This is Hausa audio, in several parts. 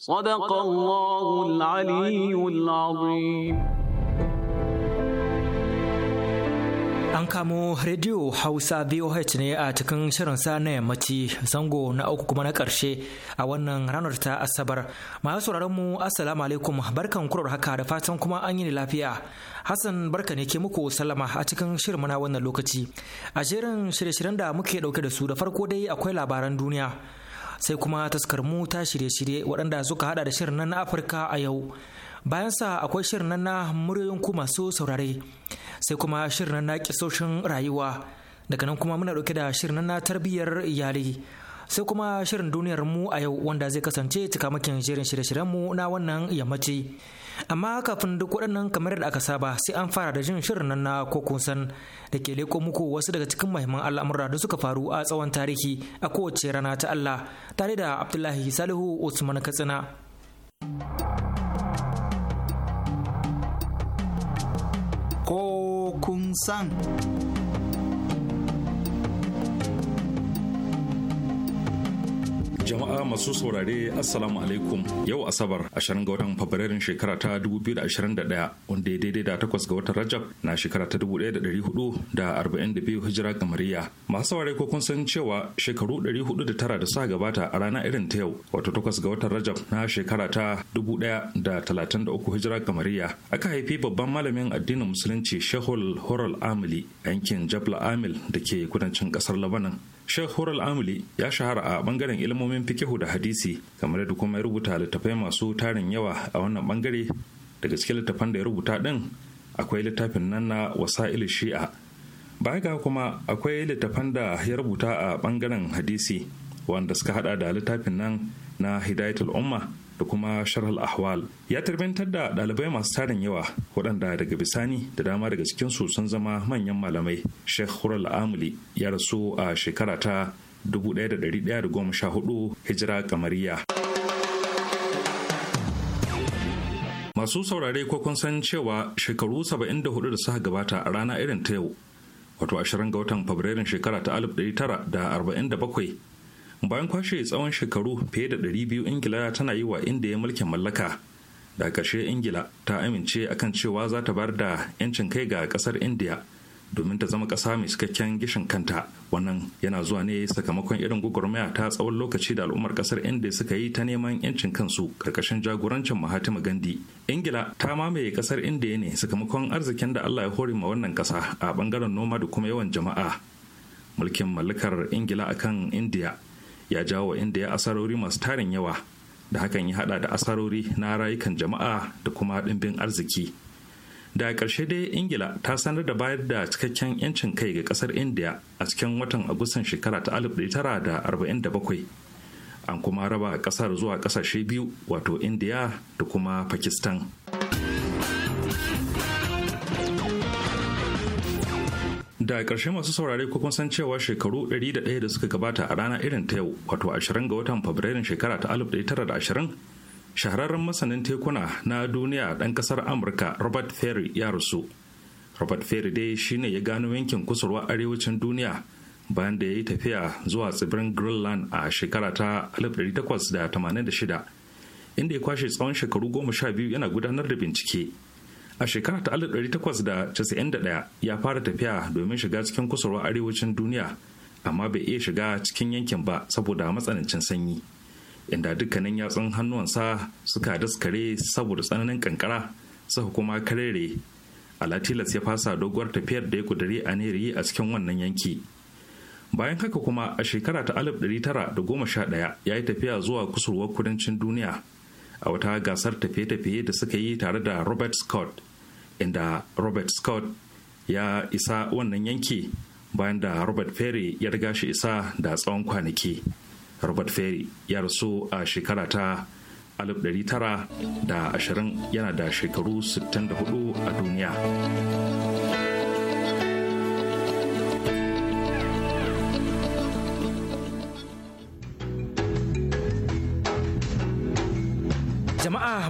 صدق الله العلي العظيم An kamo rediyo Hausa VOH ne a cikin shirin sa na yammaci zango na uku kuma na ƙarshe a wannan ranar ta Asabar. Masu sauraron mu Assalamu alaikum barkan kurar haka da fatan kuma an yi lafiya. Hassan barka ne ke muku salama a cikin shirin na wannan lokaci. A shirin shirye-shiryen da muke ɗauke da su da farko dai akwai labaran duniya. sai kuma taskar mu ta shirye-shirye waɗanda suka hada da shirin nan na Afirka a yau. Bayan sa akwai shirin nan na muryoyin ku masu saurare sai kuma shirin na kisoshin rayuwa daga nan kuma muna ɗauke da shirin na tarbiyyar iyali sai kuma shirin duniyar mu a yau wanda zai kasance cikamakin shirin shirye-shiryen mu na wannan yammaci. Amma kafin duk waɗannan kamar da aka saba sai an fara da jin shirin nan na ko da ke leko muku wasu daga cikin mahimman al'amura da suka faru a tsawon tarihi a kowace rana ta Allah tare da Abdullahi Salihu Usman Katsina. Ko san. Jama'a masu saurare Assalamu alaikum yau Asabar 20 ga watan Fabrairun shekara ta 2021 wanda ya daidai da takwas ga watan Rajab na shekara ta 1442 hijira Mariya; Masu saurare ko kun san cewa shekaru 409 da sa gabata a rana irin ta yau wato takwas ga watan Rajab na shekara ta 1133 hijira Mariya; aka haifi babban malamin addinin musulunci Shehul Horal Amili yankin Jabla Amil da ke kudancin kasar Labanan. Sheikh Hural Amuli ya shahara a bangaren ilmomin fikihu da hadisi kamar da kuma ya rubuta littattafai masu tarin yawa a wannan bangare daga cikin littattafan da ya rubuta din akwai littafin nan na wasa'il shi'a baya ga kuma akwai littattafan da ya rubuta a bangaren hadisi wanda suka hada da littafin nan na hidayatul umma da kuma sharhal ahwal ya tarbantar da ɗalibai masu tarin yawa waɗanda daga bisani da dama daga cikinsu sun zama manyan malamai sheikh hural amuli ya rasu a shekara ta 1114 hijira kamariya masu saurare ko kun san cewa shekaru 74 da suka gabata a rana irin ta yau wato 20 ga watan fabrairun shekara ta 1947 bayan kwashe tsawon shekaru fiye da 200 ingila tana yi wa inda ya mulkin mallaka da ƙarshe ingila ta amince akan cewa za ta bar da 'yancin kai ga ƙasar India domin ta zama ƙasa mai cikakken gishin kanta wannan yana zuwa ne sakamakon irin gwagwarmaya ta tsawon lokaci da al'ummar ƙasar India suka yi ta neman 'yancin kansu ƙarƙashin jagorancin mahatima gandhi ingila ta mamaye ƙasar indiya ne sakamakon arzikin da allah ya hori ma wannan ƙasa a ɓangaren noma da kuma yawan jama'a mulkin mallakar ingila akan India. ya jawo inda ya asarori masu tarin yawa da hakan ya hada da asarori na rayukan jama'a da kuma ɗimbin arziki da ƙarshe dai ingila ta sanar da bayar da cikakken 'yancin kai ga ƙasar indiya a cikin watan agustan shekara ta 1947 an kuma raba ƙasar zuwa ƙasashe biyu wato indiya da kuma pakistan da ƙarshe masu saurare ko kun san cewa shekaru 101 da suka gabata a rana irin ta yau wato 20 ga watan fabrairun shekara ta 1920 shahararren masanin tekuna na duniya ɗan ƙasar amurka robert ferry ya rasu robert ferry dai shine ya gano yankin kusurwa arewacin duniya bayan da ya yi tafiya zuwa tsibirin greenland a shekara ta 1886 inda ya kwashe tsawon shekaru goma sha biyu yana gudanar da bincike a shekara ta 1891 ya fara tafiya domin shiga cikin kusurwa arewacin duniya amma bai iya shiga cikin yankin ba saboda matsanancin sanyi inda dukkanin yatsun hannuwansa suka daskare saboda tsananin kankara suka kuma karere alatilas ya fasa doguwar tafiyar da ya kudare a neri a cikin wannan yanki bayan haka kuma a shekara ta 1911 ya yi tafiya zuwa kusurwar kudancin duniya a wata gasar tafiye-tafiye da suka yi tare da robert scott inda robert scott ya isa wannan yanki bayan da robert ferry ya riga shi isa da tsawon kwanaki robert ferry ya rasu a shekara ta 1920 yana da shekaru 64 a duniya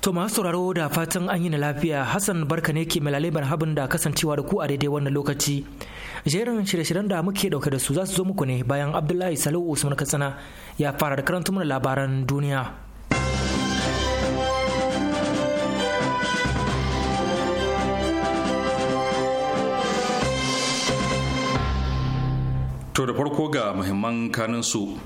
To masu sauraro da fatan an yi na lafiya Hassan barka ne ke malalebar habin da kasancewa da ku a daidai wannan lokaci. Jerin shirye-shiryen da muke dauke da su za su zo muku ne bayan Abdullahi Salihu Usman Katsina ya fara da karanta mana labaran duniya. To da farko ga muhimman kanin su.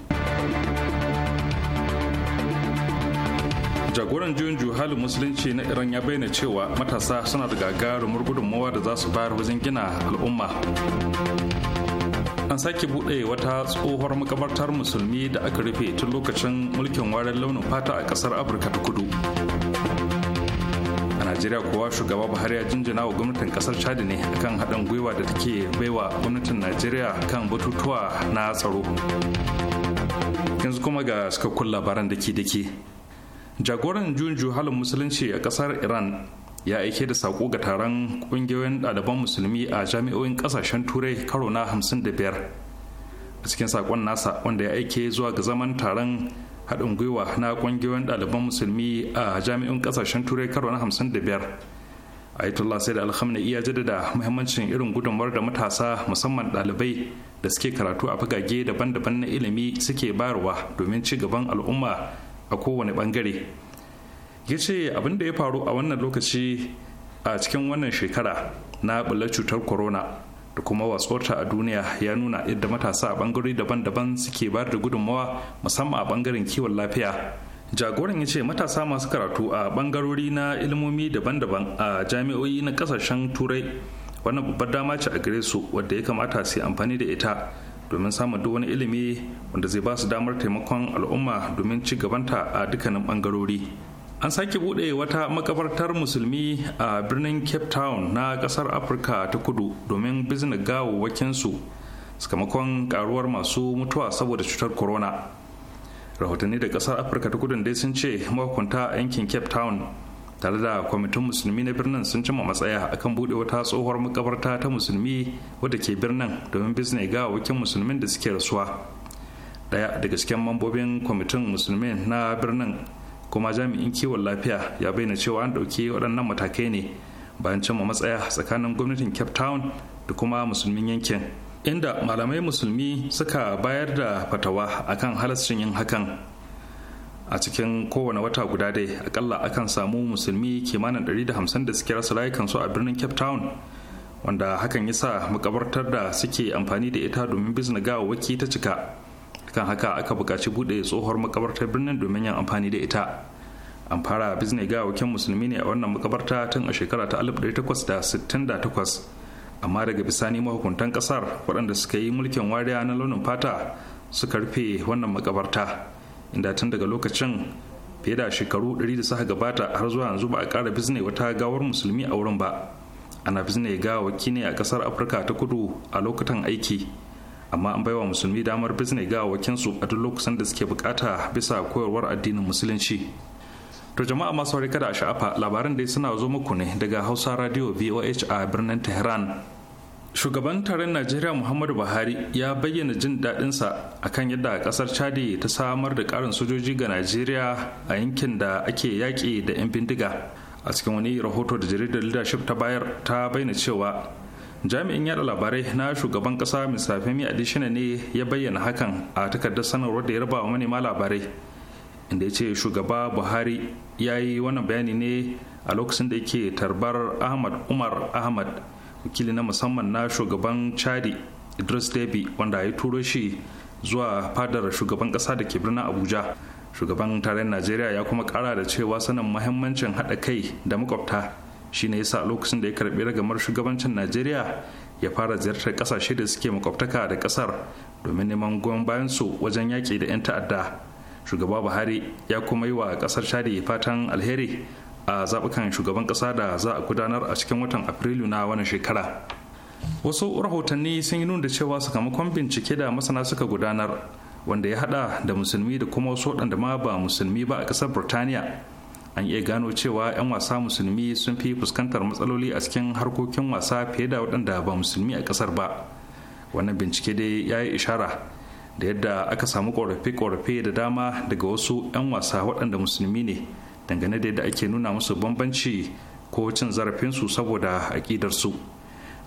jagoran juyin juhalin musulunci na iran ya bayyana cewa matasa suna da gagarumar gudunmawa da za su bayar wajen gina al'umma an sake buɗe wata tsohuwar makabartar musulmi da aka rufe tun lokacin mulkin warin launin fata a ƙasar afirka ta kudu a najeriya kuwa shugaba buhari ya jinjina wa gwamnatin ƙasar chad ne akan haɗin gwiwa da take baiwa gwamnatin najeriya kan batutuwa na tsaro yanzu kuma ga cikakkun labaran dake-dake jagoran junju halin musulunci a kasar iran ya aike da sako ga taron ƙungiyoyin ɗaliban musulmi a jami'o'in ƙasashen turai karo na 55 a cikin sakon nasa wanda ya aike zuwa ga zaman taron haɗin gwiwa na ƙungiyoyin ɗaliban musulmi a jami'o'in ƙasashen turai karo na 55 ayatollah sai da alhamna iya jaddada muhimmancin irin gudunmawar da matasa musamman ɗalibai da suke karatu a fagage daban-daban na ilimi suke bayarwa domin ci gaban al'umma a kowane bangare ya ce abin da ya faru a wannan lokaci a cikin wannan shekara na bular cutar corona da kuma wasuwarta a duniya ya nuna yadda matasa a bangarori daban-daban suke bayar da gudunmawa musamman a bangaren kiwon lafiya jagoran ya ce matasa masu karatu a bangarori na ilmomi daban-daban a jami'o'i na kasashen turai wannan babbar dama ce a gare su wadda ya kamata su yi amfani da ita domin samun duk wani ilimi wanda zai ba su damar taimakon al'umma domin ci gabanta a dukkanin bangarori an sake buɗe wata makabartar musulmi a birnin cape town na ƙasar afirka ta kudu domin bizina gawawwakinsu sakamakon karuwar masu mutuwa saboda cutar corona rahotanni da ƙasar afirka ta kudu dai sun ce mahukunta yankin cape town tare da kwamitin musulmi na birnin sun cimma matsaya akan bude wata tsohuwar makabarta ta musulmi wadda ke birnin domin bizne ga wakin musulmin da suke rasuwa daya daga cikin mambobin kwamitin musulmi na birnin kuma jami'in kiwon lafiya ya bayyana cewa an ɗauki waɗannan matakai ne bayan cimma matsaya tsakanin gwamnatin cape town da kuma musulmin yankin inda malamai musulmi suka bayar da fatawa akan halascin yin hakan a cikin kowane wata guda dai akalla akan samu musulmi kimanin 150 da suke rasa rayukansu a birnin cape town wanda hakan ya sa makabartar da suke amfani da ita domin bizna waki ta cika kan haka aka buƙaci buɗe tsohuwar makabartar birnin domin yin amfani da ita an fara bizne wakin musulmi ne a wannan makabarta tun a shekara ta 1868 amma daga bisani mahukuntan kasar waɗanda suka yi mulkin wariya na launin fata suka rufe wannan makabarta inda tun daga lokacin fiye da shekaru 100 da suka gabata har zuwa yanzu ba a ƙara bizne wata gawar musulmi a wurin ba ana bizne waki ne a ƙasar afirka ta kudu a lokutan aiki amma an baiwa musulmi damar bizne wakinsu a duk lokacin da suke bukata bisa koyarwar addinin musulunci To jama'a masu kada a sha'afa labaran dai suna zo muku ne daga Hausa Radio VOH a birnin Tehran shugaban taron najeriya muhammadu buhari ya bayyana jin daɗinsa akan yadda ƙasar chadi ta samar da ƙarin sojoji ga najeriya a yankin da ake yaƙi da 'yan bindiga a cikin wani rahoto da jaridar leadership ta bayar ta bayyana cewa jami'in yada labarai na shugaban ƙasa misafemi femi adishina ne ya bayyana hakan a takardar sanarwar da ya raba wa manema labarai inda ya ce shugaba buhari ya yi wannan bayani ne a lokacin da yake tarbar ahmad umar ahmad wakili na musamman na shugaban chadi idris debi wanda ya turo shi zuwa fadar shugaban kasa da ke birnin abuja shugaban tarayyar najeriya ya kuma kara da cewa sanin mahimmancin haɗa kai da makwabta shi shine yasa lokacin da ya karbi ragamar shugabancin najeriya ya fara ziyartar kasashe da suke makwabtaka da kasar domin neman goyon bayan su wajen yaƙi da 'yan ta'adda shugaba buhari ya kuma yi wa kasar shadi fatan alheri a zaɓukan shugaban ƙasa da za a gudanar a cikin watan afrilu na wannan shekara wasu rahotanni sun yi nuna cewa sakamakon bincike da masana suka gudanar wanda ya hada da musulmi da kuma wasu waɗanda ma ba musulmi ba a ƙasar Birtaniya. an iya gano cewa 'yan wasa musulmi sun fi fuskantar matsaloli a cikin harkokin wasa fiye da waɗanda ba musulmi a ƙasar ba wannan bincike dai ya yi ishara da yadda aka samu ƙorafe-ƙorafe da dama daga wasu 'yan wasa waɗanda musulmi ne dangane da yadda ake nuna musu bambanci ko cin zarafinsu saboda aƙidarsu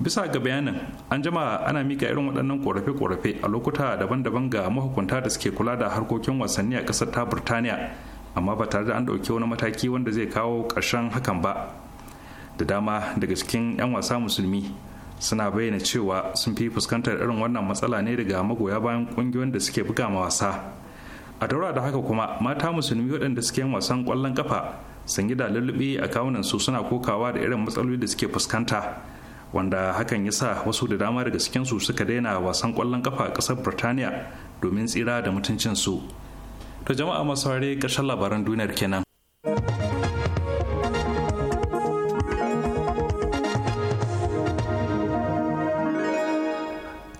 bisa ga bayanin an jama ana mika irin waɗannan ƙorafe-ƙorafe a lokuta daban-daban ga mahukunta da suke kula da harkokin wasanni a ƙasar ta burtaniya amma ba tare da an ɗauki wani mataki wanda zai kawo ƙarshen hakan ba da dama daga cikin 'yan wasa musulmi suna bayyana cewa sun fi fuskantar irin wannan matsala ne daga magoya bayan ƙungiyoyin da suke buga ma wasa a daura da haka kuma mata musulmi waɗanda suke yin wasan ƙwallon kafa sun yi da lullube a kawunan su suna kokawa da irin matsaloli da suke fuskanta wanda hakan ya sa wasu da dama daga cikin su suka daina wasan ƙwallon kafa a ƙasar Birtaniya domin tsira da mutuncin su to jama'a masu ƙarshen labaran duniyar kenan.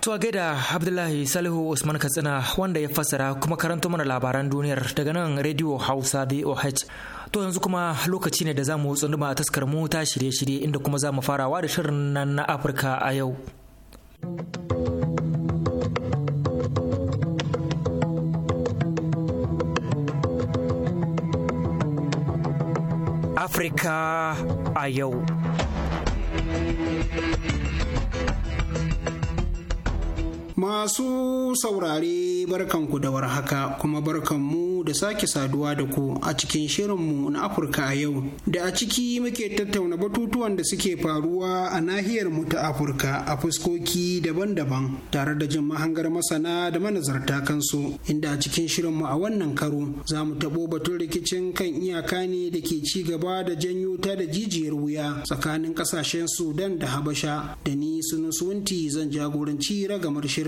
To a gaida Abdullahi Salihu Usman Katsina wanda ya fassara kuma karanto mana labaran duniyar daga nan Radio Hausa VOH. To yanzu kuma lokaci ne da za mu tsunduma a taskar mu ta shirye-shirye inda kuma za mu farawa da shirin nan na Afirka a yau. Afirka a yau. Masu saurare barkanku da warhaka kuma barkanmu da sake saduwa da ku a cikin shirinmu na Afirka a yau da a ciki muke tattauna batutuwan da suke faruwa a nahiyar mu ta Afirka a fuskoki daban-daban tare da jin mahangar masana da manazarta kansu inda a cikin shirinmu a wannan karo za mu taɓo batun rikicin kan iyaka ne da ke ci gaba da janyo ta da jijiyar wuya tsakanin ƙasashen Sudan da Habasha da ni sunusunti zan jagoranci ragamar shirin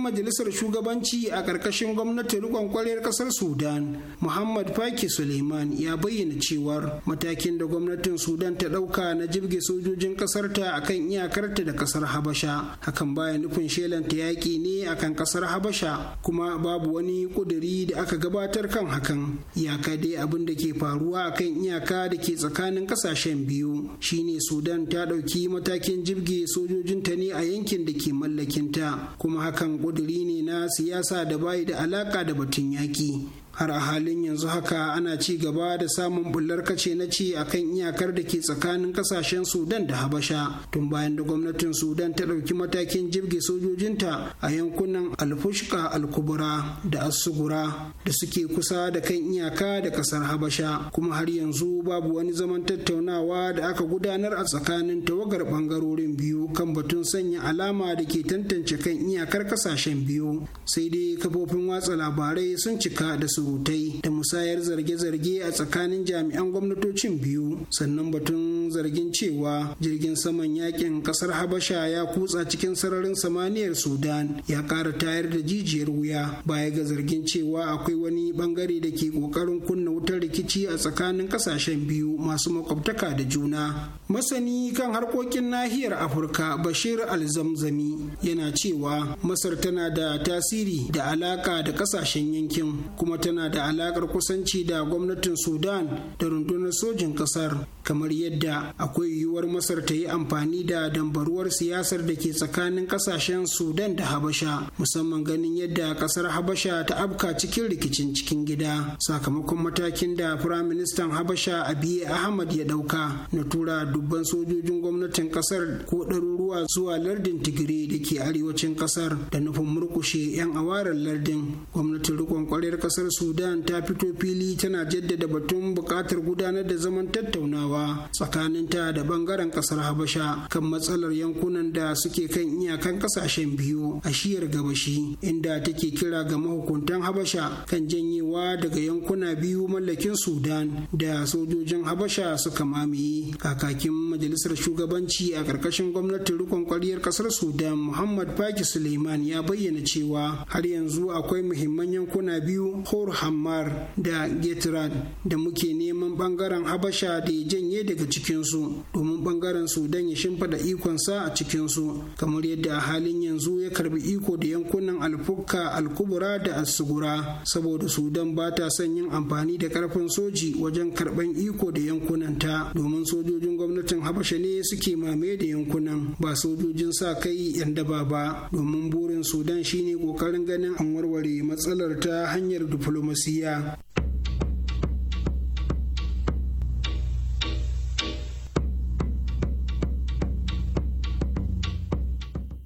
majalisar shugabanci a ƙarƙashin gwamnatin rikon kwarar ƙasar Sudan, Muhammad Faki Suleiman ya bayyana cewar matakin da gwamnatin Sudan ta ɗauka na jirge sojojin ƙasarta a kan iyakarta da ƙasar Habasha. Hakan baya nufin shelan ta yaƙi ne a kan ƙasar Habasha, kuma babu wani ƙuduri da aka gabatar kan hakan. Iyaka dai abin da ke faruwa a kan iyaka da ke tsakanin ƙasashen biyu shine Sudan ta ɗauki matakin jirge sojojinta ne a yankin da ke mallakinta, kuma hakan ƙuduri ne na siyasa da bai da alaƙa da batun yaƙi har a halin yanzu haka ana ci gaba da samun bullar kace na ci a kan iyakar da ke tsakanin kasashen sudan da habasha tun bayan da gwamnatin sudan ta ɗauki matakin jirge sojojinta a yankunan alfushka alkubura da asugura da suke kusa da kan iyaka da ƙasar habasha kuma har yanzu babu wani zaman tattaunawa da aka gudanar a tsakanin tawagar ɓangarorin biyu kan batun sanya alama da ke tantance kan iyakar ƙasashen biyu sai dai kafofin watsa labarai sun cika da su surutai da musayar zarge-zarge a tsakanin jami'an gwamnatocin biyu sannan batun zargin cewa jirgin saman yakin kasar habasha ya kutsa cikin sararin samaniyar sudan ya kara tayar da jijiyar wuya baya ga zargin cewa akwai wani bangare da ke kokarin kunna wutar rikici a tsakanin kasashen biyu masu makwabtaka da juna masani kan harkokin nahiyar afirka bashir alzamzami yana cewa masar tana da tasiri da alaka da kasashen yankin kuma ta tana da alakar kusanci da gwamnatin sudan da rundunar sojin kasar kamar yadda akwai yiwuwar masar ta yi amfani da dambaruwar siyasar da ke tsakanin kasashen sudan da habasha musamman ganin yadda kasar habasha ta abka cikin rikicin cikin gida sakamakon matakin da firayim ministan habasha biye ahmad ya dauka na tura dubban sojojin gwamnatin kasar ko ɗaruruwa zuwa lardin tigiri da ke arewacin kasar da nufin murkushe 'yan awarar lardin gwamnatin rikon kwarar kasar sudan ta fito fili tana jaddada batun buƙatar gudanar da zaman tattaunawa tsakanin ta da bangaren kasar habasha kan matsalar yankunan da suke kan iyakan kasashen biyu a shiyar gabashi inda take kira ga mahukuntan habasha kan janyewa daga yankuna biyu mallakin sudan da sojojin habasha suka mamaye kakakin majalisar shugabanci a ƙarƙashin gwamnatin rikon ƙwariyar ƙasar sudan muhammad faki suleiman ya bayyana cewa har yanzu akwai muhimman yankuna biyu hor hammar da Getrad da muke neman bangaren habasha da ya janye daga cikinsu domin bangaren sudan ya shimfida ikonsa a cikinsu kamar yadda a halin yanzu ya karbi iko da yankunan alfukka alkubura da asugura saboda sudan ba ta son yin amfani da karfin soji wajen karban iko da yankunan ta domin sojojin gwamnatin habasha ne suke mame da yankunan ba sojojin sa kai yan daba ba domin burin sudan shine kokarin ganin an warware matsalar ta hanyar diplomasiya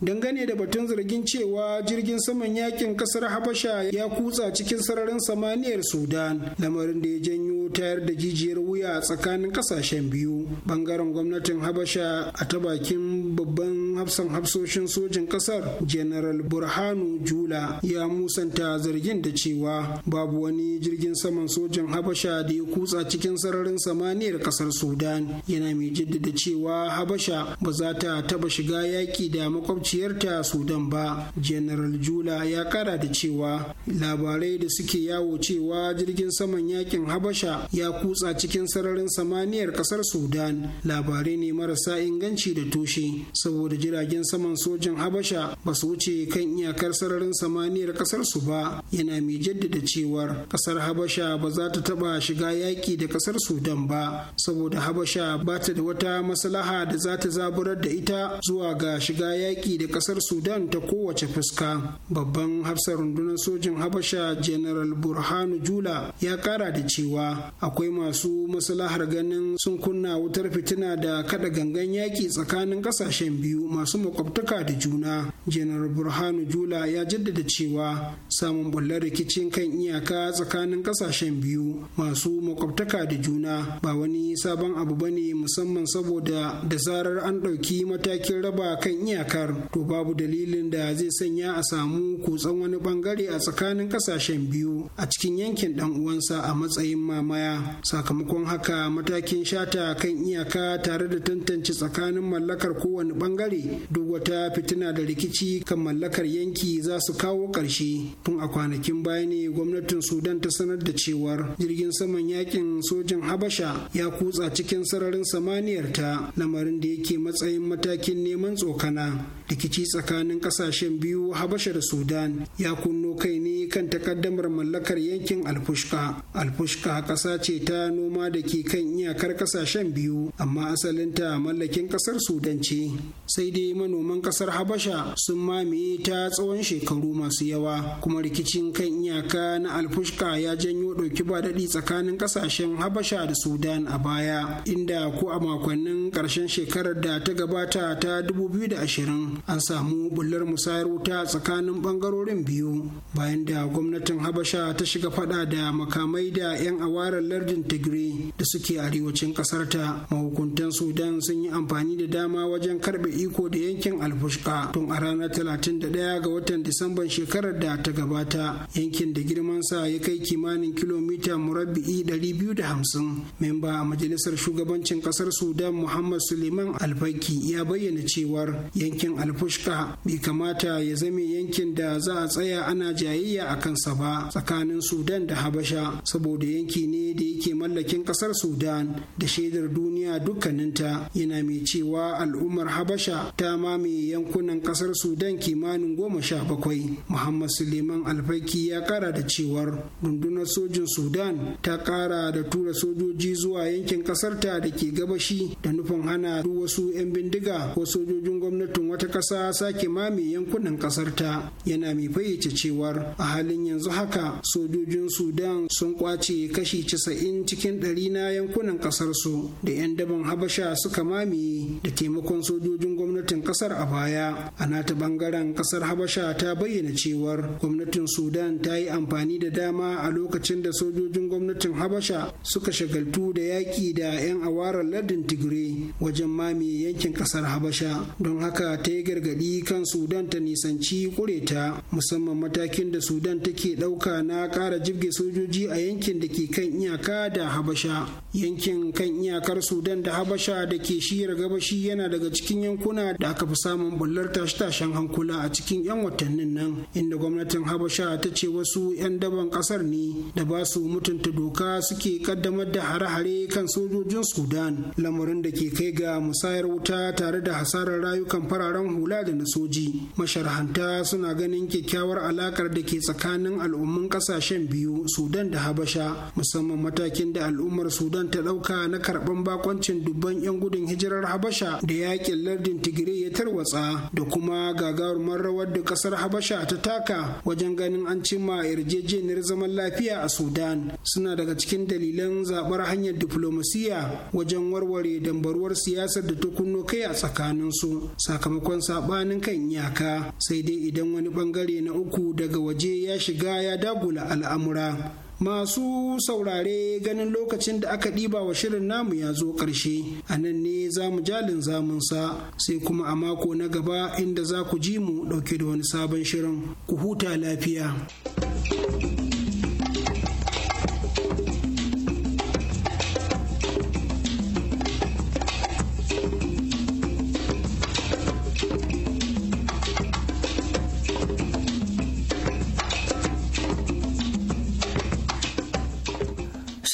dangane da batun zargin cewa jirgin saman yakin kasar habasha ya kutsa cikin sararin samaniyar sudan lamarin da ya janyo tayar da jijiyar wuya tsakanin kasashen biyu bangaren gwamnatin habasha a ta bakin babban hafsan hafsoshin sojin kasar general burhanu jula ya musanta zargin da cewa babu wani jirgin saman sojin habasha da ya kutsa cikin sararin samaniyar kasar sudan yana mai jaddada cewa habasha ba za ta taba shiga yaki da makwabci ta sudan ba general jula ya kara da cewa labarai da suke yawo cewa jirgin saman yakin habasha ya kutsa cikin sararin samaniyar kasar sudan labarai ne marasa inganci da tushe saboda jiragen saman sojan habasha ba su wuce kan iyakar sararin samaniyar kasar su ba yana mai jaddada cewar kasar habasha ba za ta taba shiga yaki da kasar sudan ba saboda habasha ba ta da wata maslaha da za ta zaburar da ita zuwa ga shiga yaki da da kasar sudan ta kowace fuska babban hafsar rundunar sojin habasha general burhanu jula ya kara da cewa akwai masu maslahar ganin sun kunna wutar fitina da kada gangan yaki tsakanin kasashen biyu masu makwabtaka da juna general burhanu jula ya jaddada cewa samun bullar rikicin kan iyaka tsakanin kasashen biyu masu makwabtaka da juna ba wani sabon abu bane musamman saboda da zarar an ɗauki matakin raba kan iyakar to babu dalilin da zai sanya a samu kutsan wani bangare a tsakanin kasashen biyu a cikin yankin dan uwansa a matsayin mamaya sakamakon haka matakin shata kan iyaka tare da tantance tsakanin mallakar kowane bangare duk wata fitina da rikici kan mallakar yanki za su kawo ƙarshe tun a kwanakin baya ne gwamnatin sudan ta sanar da cewar jirgin saman yakin sojin habasha ya kutsa cikin sararin samaniyar ta lamarin da yake matsayin matakin neman tsokana da rikici tsakanin kasashen biyu habasha da sudan ya kunno kai ne kan takaddamar mallakar yankin alfushka alfushka ƙasa ce ta noma da ke kan iyakar kasashen biyu amma asalinta mallakin ƙasar sudan ce sai dai manoman ƙasar habasha sun mamaye ta tsawon shekaru masu yawa kuma rikicin kan iyaka na alfushka ya janyo ɗauki ba daɗi tsakanin ƙasashen habasha da sudan a baya inda ko a makonnin ƙarshen shekarar da ta gabata ta 2020 an samu bullar musayar wuta tsakanin bangarorin biyu bayan da gwamnatin habasha ta shiga fada da makamai da 'yan awarar lardin tigray da suke arewacin kasar ta mahukuntan sudan sun yi amfani da dama wajen karbe iko da yankin alfushka tun a ranar 31 ga watan disamban shekarar da ta gabata yankin da girman sa ya kai kimanin kilomita murabbi'i 250 memba a majalisar shugabancin kasar sudan muhammad suleiman alfaki ya bayyana cewar yankin alfushka fuska bai kamata ya zame yankin da za a tsaya ana jayayya a kansa ba tsakanin sudan da habasha saboda yanki ne da yake mallakin kasar sudan da shaidar duniya dukkaninta yana mai cewa al'ummar habasha ta mamaye yankunan kasar sudan kimanin goma sha bakwai muhammad suleiman alfaki ya kara da cewar rundunar sojin sudan ta kara da tura sojoji zuwa yankin kasarta da ke gabashi da nufin hana duk wasu 'yan bindiga ko sojojin gwamnatin wata ƙasa sake mame yankunan ƙasar ta yana mai fayyace cewar a halin yanzu haka sojojin sudan sun kwace kashi casa'in cikin ɗari na yankunan ƙasar su da 'yan daban habasha suka mame da taimakon sojojin gwamnatin ƙasar a baya a nata bangaren ƙasar habasha ta bayyana cewar gwamnatin sudan ta yi amfani da dama a lokacin da sojojin gwamnatin habasha suka shagaltu da yaƙi da 'yan awarar lardin tigre wajen mame yankin ƙasar habasha don haka ta yi gargadi kan sudan ta nisanci kureta musamman matakin da sudan take ɗauka na kara jibge sojoji a yankin da ke kan iyaka da habasha yankin kan iyakar sudan da habasha da ke shiyar gabashi yana daga cikin yankuna da aka fi samun bullar tashe-tashen hankula a cikin 'yan watannin nan inda gwamnatin habasha ta ce wasu 'yan daban ƙasar ne da ba su mutunta doka suke kaddamar da hare-hare kan sojojin sudan lamarin da ke kai ga musayar wuta tare da hasarar rayukan fararen kula da na masharhanta suna ganin kyakkyawar alakar da ke tsakanin al'ummun kasashen biyu sudan da habasha musamman matakin da al'ummar sudan ta ɗauka na karɓan bakoncin dubban 'yan gudun hijirar habasha da yaƙin lardin tigray ya tarwatsa da kuma gagarumar rawar da ƙasar habasha ta taka wajen ganin an cimma yarjejeniyar zaman lafiya a sudan suna daga cikin dalilan zaɓar hanyar diflomasiya wajen warware dambaruwar siyasar da ta kunno kai a tsakaninsu sakamakon sa sabanin kan iyaka sai dai idan wani bangare na uku daga waje ya shiga ya dagula al'amura masu saurare ganin lokacin da aka ɗiba wa shirin namu ya zo ƙarshe a nan ne za mu jalin zamunsa sai kuma a mako na gaba inda za ku ji mu ɗauke da wani sabon shirin ku huta lafiya.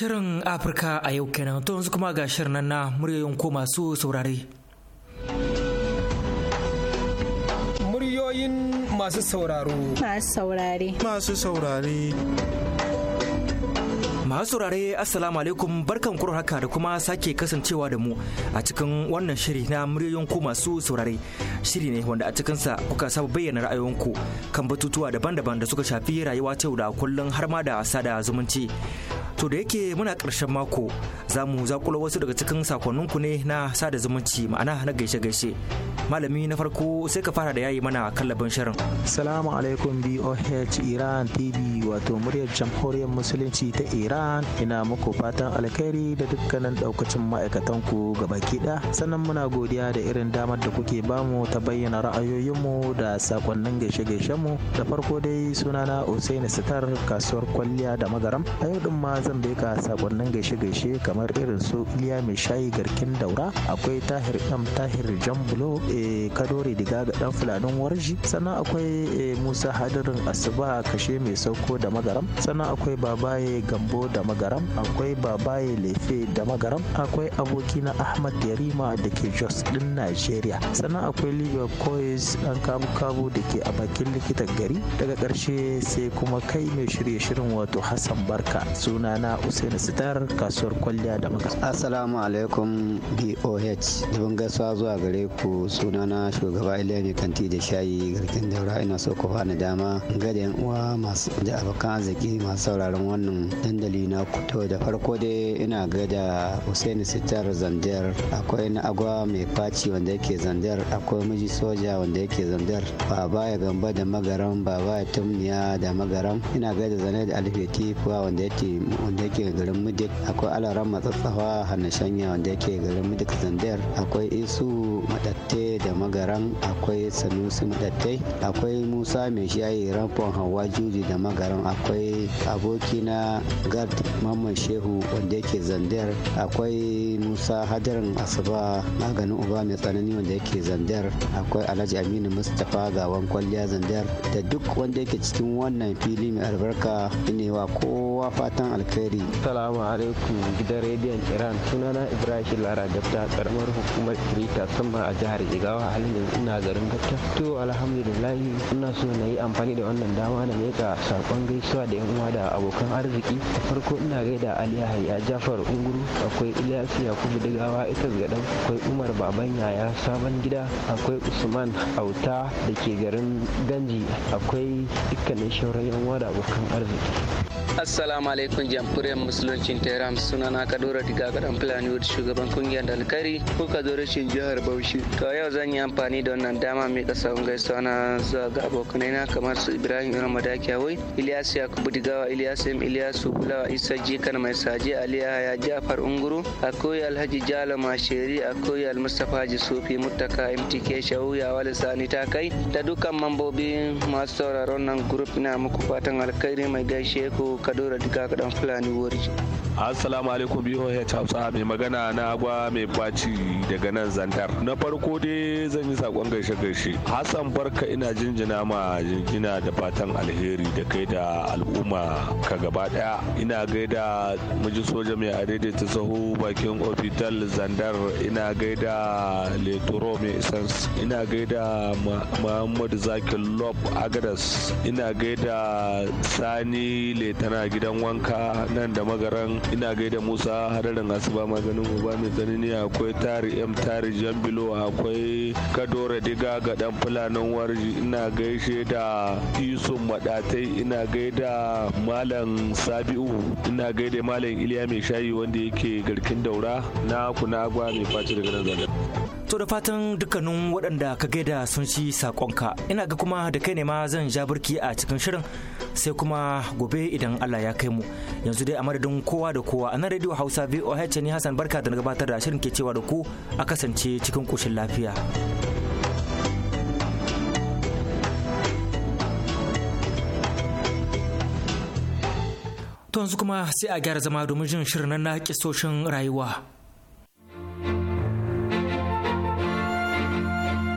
Shirin Afirka a yau kenan to yanzu kuma ga shirin nan na muryoyin ko masu saurare. Muryoyin masu sauraro. Masu saurare. Masu saurare. masu saurare assalamu alaikum barkan kuro haka da kuma sake kasancewa da mu a cikin wannan shiri na muryoyin ko masu saurare shiri ne wanda a cikinsa kuka saba bayyana ra'ayoyinku kan batutuwa daban-daban da suka shafi rayuwa ta yau da kullum har ma da sada zumunci To da yake muna karshen mako za mu zakula wasu daga cikin sakonninku ne na sada zumunci ma'ana na gaishe-gaishe. Malami na farko sai ka fara da yayi mana kallabin shirin. Salamu alaikum BOH Iran TV wato muryar jamhuriyar musulunci ta Iran ina muku fatan alkhairi da dukkanin daukacin ma'aikatan ku baki ɗaya. Sannan muna godiya da irin damar da kuke bamu ta bayyana ra'ayoyinmu da sakonnin gaishe-gaishenmu. Da farko dai sunana Usaini Sitar kasuwar kwalliya da magaram. A yau din ma zan beka sakonnin gaishe-gaishe kamar irin su iliya mai shayi garkin daura akwai tahir ɗan tahir jambulo e, eh, kadori diga ga dan fulanin warji sannan akwai eh, musa hadarin asuba kashe mai sauko da magaram sannan akwai babaye gambo da magaram akwai babaye lefe da magaram akwai abokina ahmad yarima da ke jos din nigeria sannan akwai libya koyes dan kabu-kabu da ke a bakin likitan gari daga karshe sai kuma kai mai shirye shirin wato hassan barka suna sunana usaini sitar kasuwar kwalliya da muka assalamu alaikum boh dubin gaisuwa zuwa gare ku sunana shugaba ilani kanti da shayi garkin daura ina so ku bani dama gada yan uwa masu da abokan arziki masu sauraron wannan dandali na kuto da farko dai ina gada usain sitar zandar akwai na agwa mai faci wanda yake zandar akwai miji soja wanda yake zandar baba ya gamba da magaran baba ya tumniya da magaran ina gaida zane da alfeti kuwa wanda yake wanda yake garin mudik akwai alaran matsatsawa hannashanya wanda yake garin mudik zandar akwai isu madatte da magaran akwai sanusi madatte akwai musa mai shayi ramfon hawa juji da magaran akwai abokina gard mamman shehu wanda yake zandar akwai musa hadarin asaba maganin uba mai tsanani wanda yake zandar akwai alhaji aminu mustapha gawan kwalliya zandar da duk wanda yake cikin wannan fili mai albarka ne wa kowa fatan alkhairi alheri salamu alaikum gidan rediyon iran sunana ibrahim lara gafta karamar hukumar kirita sama a jihar igawa halin yanzu ina garin gafta to alhamdulillahi ina so na yi amfani da wannan dama na meka sakon gaisuwa da yan uwa da abokan arziki da farko ina gaida ali yahaya jafar unguru akwai ilyas yakubu digawa ita gadan akwai umar baban yaya sabon gida akwai usman auta da ke garin ganji akwai dukkanin shawarar yan uwa da abokan arziki assalamu alaikum jamhuriyar musuluncin tehran suna na kadura diga gadon fulani shugaban kungiyar dalkari kuka zo rashin jihar bauchi to yau zan yi amfani da wannan dama mai kasa gaisuwa na zuwa ga abokanai na kamar su ibrahim irin madakiyawai ilyasu yakubu digawa ilyasu m ilyasu bulawa isa jikan mai saje ali ya jafar unguru akwai alhaji jalo masheri akwai almustapha ji sufi muttaka mtk shahu yawa Sani, ta kai da dukkan mambobin masu sauraron nan grup na muku fatan alkhairi mai gaishe ku kadora diga ga dan fulani wuri. assalamu alaikum biyo ya hausa mai magana na agwa mai baci daga nan zantar na farko dai zan yi sakon gaishe gaishe hassan barka ina jinjina ma jinjina da fatan alheri da kai da al'umma ka gaba daya ina gaida miji soja mai ta sahu bakin ofital zandar ina gaida leturo mai isans ina gaida muhammadu zakin lob agadas ina gaida sani letan yana gidan wanka nan da magaran ina gaida musa hadarin asuba maganin uba mai tsanani akwai tari m tari bilo akwai kadora diga ga dan fulanin warji ina gaishe da isun madatai ina gaida malam sabi'u ina gaida malam iliya mai shayi wanda yake garkin daura na kuna agwa mai da daga nan To da fatan dukkanin waɗanda ka gaida sun ci saƙonka ina ga kuma da kai ne ma zan ja birki a cikin shirin sai kuma gobe idan Allah ya kai mu yanzu dai a madadin kowa da kowa a nan radio hausa VOH ne Hassan barka da na gabatar da shirin ke cewa da ku a kasance cikin ƙoshin lafiya. To yanzu kuma sai a gyara zama domin jin shirin na kisoshin rayuwa.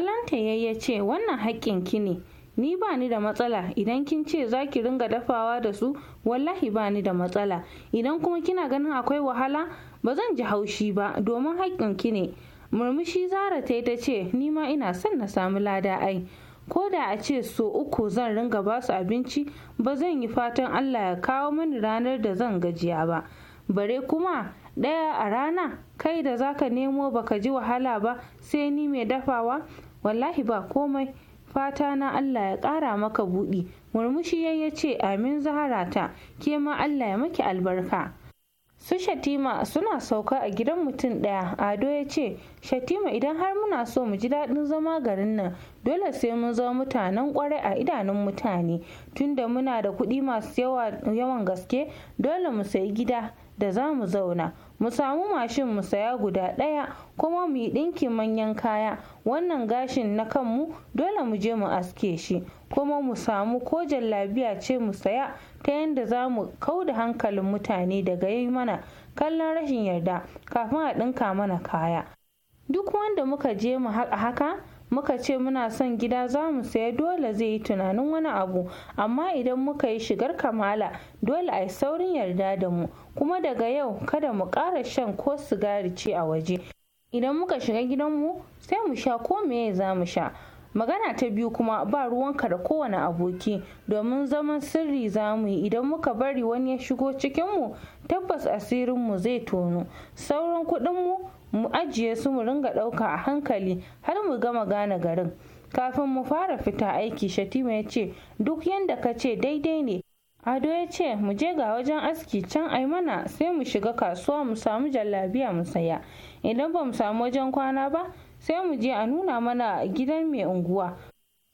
kallonta ya ce wannan haƙƙin ki ne ni ba ni da matsala idan kin ce za ki ringa dafawa da su wallahi ba ni da matsala idan kuma kina ganin akwai wahala ba zan ji haushi ba domin haƙƙin ki ne murmushi zara ta yi ta ce ni ma ina son na samu lada ai ko da a ce so uku zan ringa ba su abinci ba zan yi fatan allah ya kawo mani ranar da zan gajiya ba bare kuma ɗaya a rana kai da zaka nemo baka ji wahala ba sai ni mai dafawa wallahi ba komai fata na Allah ya ƙara maka buɗi murmushi ya ce amin ta ke ma Allah ya maki albarka su shatima suna sauka a gidan mutum ɗaya ado ya ce shatima idan har muna so mu ji daɗin zama garin nan dole sai mun zama mutanen kwarai a idanun mutane tunda muna da kuɗi masu yawan gaske dole mu sayi gida da za mu zauna mu samu mashin mu saya guda ɗaya kuma mu yi ɗinkin manyan kaya wannan gashin na kanmu dole mu je mu aske shi kuma mu samu ko jallabiya ce mu saya ta yadda za mu kauda hankalin mutane daga yi mana kallon rashin yarda kafin a ɗinka mana kaya duk wanda muka je mu haka muka ce muna son gida za mu saya dole zai yi tunanin wani abu amma idan muka yi shigar kamala dole a yi saurin yarda da mu kuma daga yau kada mu ƙara shan ko sigari ce a waje idan muka shiga gidanmu sai mu sha ko meye za mu sha magana ta biyu kuma ba ruwanka da kowane aboki domin zaman sirri za mu yi idan muka bari wani ya shigo cikinmu tabbas asirinmu zai tono sauran kuɗinmu mu ajiye su mu ringa ɗauka a hankali har mu gama gane garin kafin mu fara fita aiki shatima ya ce duk yadda ka ce daidai ne ado ya ce mu je ga wajen aski can ai mana sai mu shiga kasuwa mu samu jallabiya mu saya idan ba mu samu wajen kwana ba sai mu je a nuna mana gidan mai unguwa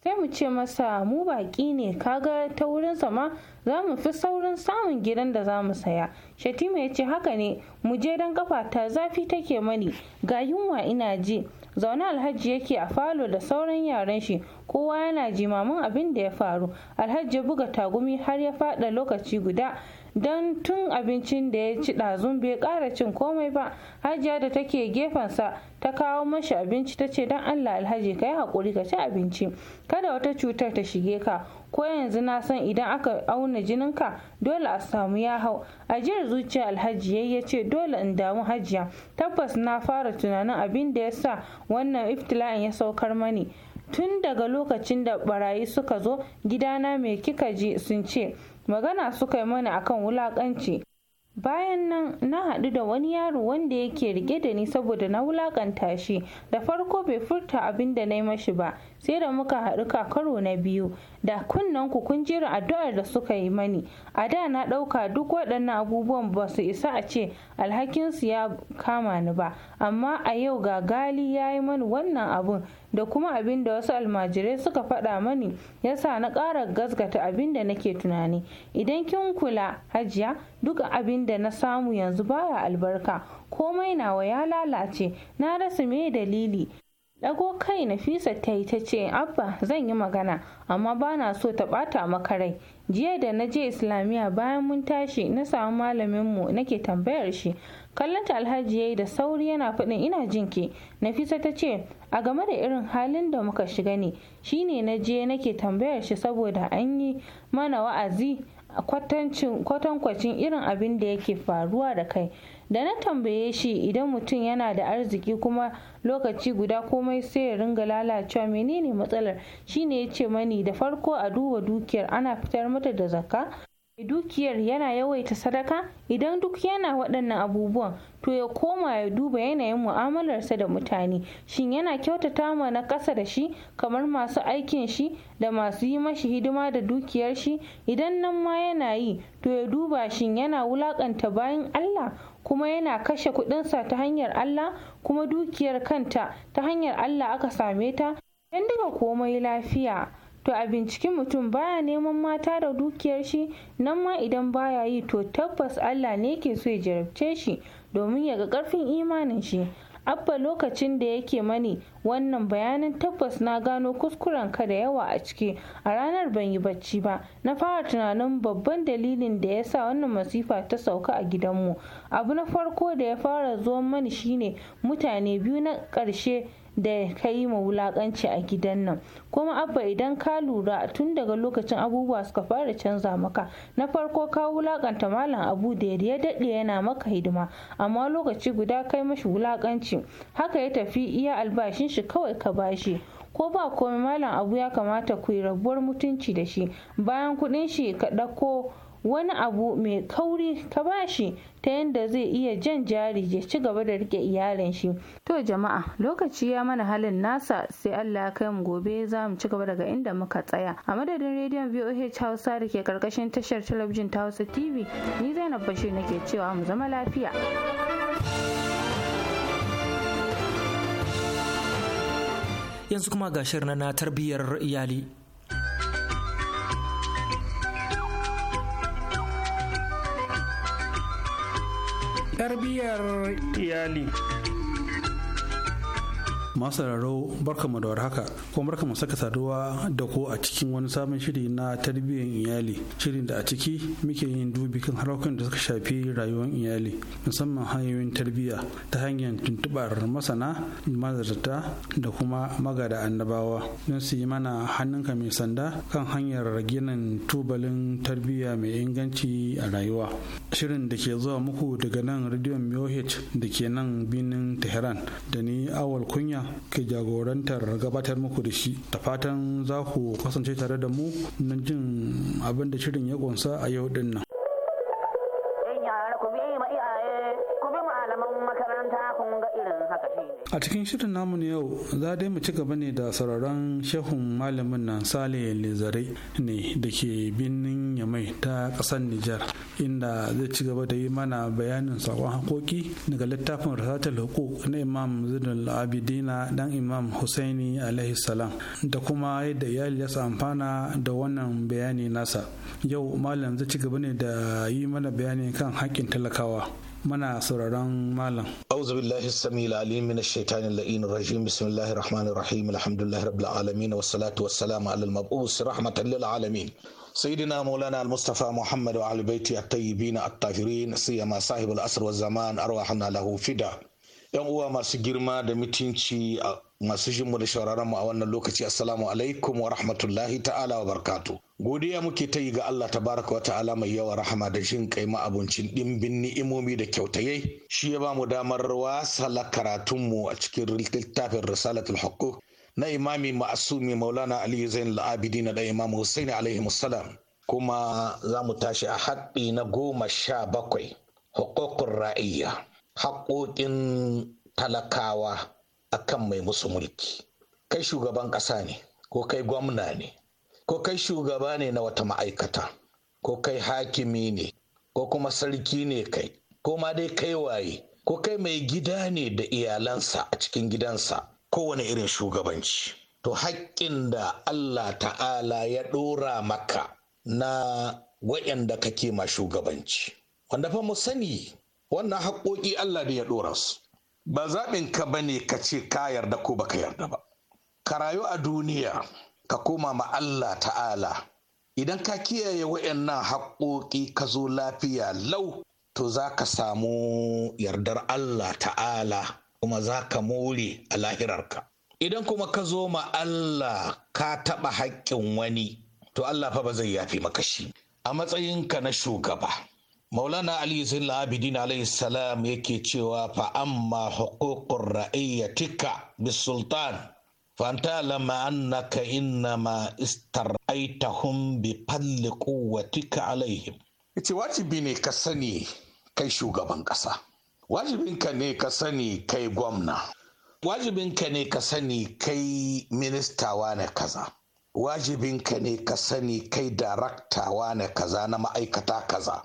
sai mu ce masa mu baƙi ne kaga ta wurinsa ma za mu fi saurin samun gidan da za mu saya shatima ya ce haka ne mu je don kafa ta zafi take mani ga yunwa ina ji zaune alhaji yake a falo da sauran yaran shi kowa yana jimamin abin da ya faru alhaji ya buga tagumi har ya faɗa lokaci guda don tun abincin da ya ci ɗazun bai ƙara cin komai ba hajiya da take gefensa ta kawo mashi abinci ta ce don allah alhaji ka yi haƙuri ka ci abinci kada wata cutar ta shige ka ko yanzu na san idan aka auna jinin ka dole a samu ya hau ajiyar zuciya alhaji ya ce dole in damu hajiya tabbas na fara tunanin abin da ya sa wannan iftila'in ya saukar mani tun daga lokacin da barayi suka zo gidana mai kika ji sun ce magana suka yi mana akan wulakanci bayan nan na haɗu da wani yaro wanda yake rike da ni saboda na wulakanta shi da farko bai furta abin da na yi mashi ba sai da muka haɗu ka karo na biyu da kunnen ku kun jira addu'ar da suka yi mani a da na ɗauka duk waɗannan abubuwan ba su isa a ce alhakinsu ya kama ni ba amma a yau ga gali ya yi mani wannan abun da kuma abin da wasu almajirai suka faɗa mani yasa na ƙara gasgata abin da nake tunani idan kin kula hajiya duk abin da na samu yanzu baya albarka komai nawa ya lalace na rasa me dalili Dago kai Nafisa ta yi ta ce, Abba zan yi magana, amma ba na so ta bata makarai Jiya da na je Islamiyya bayan mun tashi na samu malaminmu nake tambayar shi. Kallonta Alhaji yayi da sauri yana faɗin ina jinki. Nafisa ta ce, a game da irin halin da muka shiga ne, shine na je nake tambayar shi saboda an yi mana wa'azi kwatankwacin irin abin da yake faruwa da kai da na tambaye shi idan mutum yana da arziki kuma lokaci guda komai sai ya ringa lalacewa menene matsalar shine ya ce mani da farko a duba dukiyar ana fitar mata da zakka mai dukiyar yana yawaita sadaka idan duk yana waɗannan abubuwan to ya koma ya duba yanayin mu'amalarsa da mutane shin yana kyautata ma na ƙasa da shi kamar masu aikin shi da masu yi mashi hidima da dukiyar shi idan nan ma yana yi to ya duba shin yana wulaƙanta bayan Allah kuma yana kashe kuɗinsa ta hanyar Allah kuma dukiyar kanta ta hanyar Allah aka same ta yan duka komai lafiya to a binciki mutum baya neman mata da dukiyar shi nan ma idan baya yi to tabbas Allah ne ke so ya jarabce shi domin ya ga karfin imanin shi abba lokacin da yake mani wannan bayanin tabbas na gano kuskuren ka da yawa a ciki a ranar ban yi bacci ba na fara tunanin babban dalilin da ya sa wannan masifa ta sauka a gidanmu abu na farko da ya fara zuwan mani shine mutane biyu na ƙarshe da ka yi ma wulakanci a gidan nan kuma abba idan ka lura tun daga lokacin abubuwa suka fara canza maka na farko ka wulakanta malam abu da ya daɗe yana maka hidima amma lokaci guda kai mashi wulakanci haka ya tafi iya albashin shi kawai ka bashi ko ba komai malam abu ya kamata ku yi rabuwar mutunci da shi bayan kuɗin shi ka ɗauko wani abu mai kauri ka bashi ta yadda zai iya jan jari ya ci gaba da rike iyalin shi to jama'a lokaci ya mana halin nasa sai Allah ya kai mu gobe za mu ci gaba daga inda muka tsaya a madadin rediyon VOH Hausa da ke karkashin tashar talabijin ta Hausa TV ni Zainab Bashir nake cewa mu zama lafiya yanzu kuma ga shirin na tarbiyyar iyali tarbiyyar iyali masu raro mu da warhaka ko mu saka saduwa da ko a cikin wani sabon shiri na tarbiyyar iyali shirin da a ciki muke yin dubi kan harkokin da suka shafi rayuwar iyali musamman hanyoyin tarbiyya ta hanyar tuntubar masana mazarta da kuma magada annabawa don su yi mana ka mai sanda kan hanyar raginan tubalin tarbiyya mai inganci a rayuwa shirin da ke zuwa muku daga nan rediyon miohit da ke nan birnin tehran da ni awal kunya ke jagorantar gabatar muku da shi ta fatan za ku kasance tare da mu nan jin abin da shirin ya kunsa a yau din nan a cikin shirin namu yau za dai mu ci gaba ne da sauraron shehun malamin nan sale lezare ne da ke birnin yamai ta ƙasar nijar inda zai ci gaba da yi mana bayanin saƙon hakoki daga littafin rasatul hukuk na imam zidul abidina dan imam husaini alaihi salam da kuma yadda iyali ya amfana da wannan bayani nasa yau malam zai ci gaba ne da yi mana bayani kan haƙƙin talakawa muna sauraron malam auzu billahi samil alim min ash-shaytanir la'in rajim bismillahir rahmanir alamin wassalatu wassalamu ala al-mab'us rahmatan lil سيدنا مولانا المصطفى محمد وعلى بيته الطيبين الطاهرين سيما صاحب الأسر والزمان أرواحنا له فدا yan uwa masu girma da mutunci masu jinmu da a wannan lokaci assalamu alaikum wa rahmatullahi ta'ala wa godiya muke ta yi ga Allah tabaraka wa ta'ala mai yawa rahama da jin kai abincin dimbin ni'imomi da kyautaye shi ya ba mu damar wasala karatunmu a cikin littafin risalatul haqqu na imami ma'asumi maulana ali zain al-abidi na da imamu husaini alaihi musallam kuma za mu tashi a haɗi na goma sha bakwai hukukun ra'ayya haƙoƙin talakawa akan mai musu mulki kai shugaban ƙasa ne ko kai gwamna ne ko kai shugaba ne na wata ma'aikata ko kai hakimi ne ko kuma sarki ne kai ko ma dai kai waye ko kai mai gida ne da iyalansa a cikin gidansa kowane irin shugabanci to haƙƙin da Allah ta'ala ya ɗora maka na wa'yanda kake ma shugabanci wanda fa mu sani wannan haƙoƙi Allah da ya ɗora su ba zaɓin ka bane ka ce ka yarda ko baka yarda ba ka rayu a duniya ka koma ma Allah ta'ala idan ka kiyaye wa'annan haƙoƙi ka zo lafiya lau to za ka samu yardar Allah ta'ala kuma za ka more a lahirarka idan kuma ka zo ma Allah ka taɓa haƙƙin wani to Allah fa ba zai yafi maka shi a matsayinka na shugaba maulana ali zin abidin alayhi salam yake cewa fa amma huququr ra'ayyatika bis sultan فانتعلم أنك إنما استرعيتهم بفضل ka عليهم ita wajibi ne ka sani kai shugaban ƙasa wajibinka ne ka sani kai gwamna wajibinka ne ka sani kai ministawa na kaza wajibinka ne ka sani kai daraktawa na kaza na ma'aikata kaza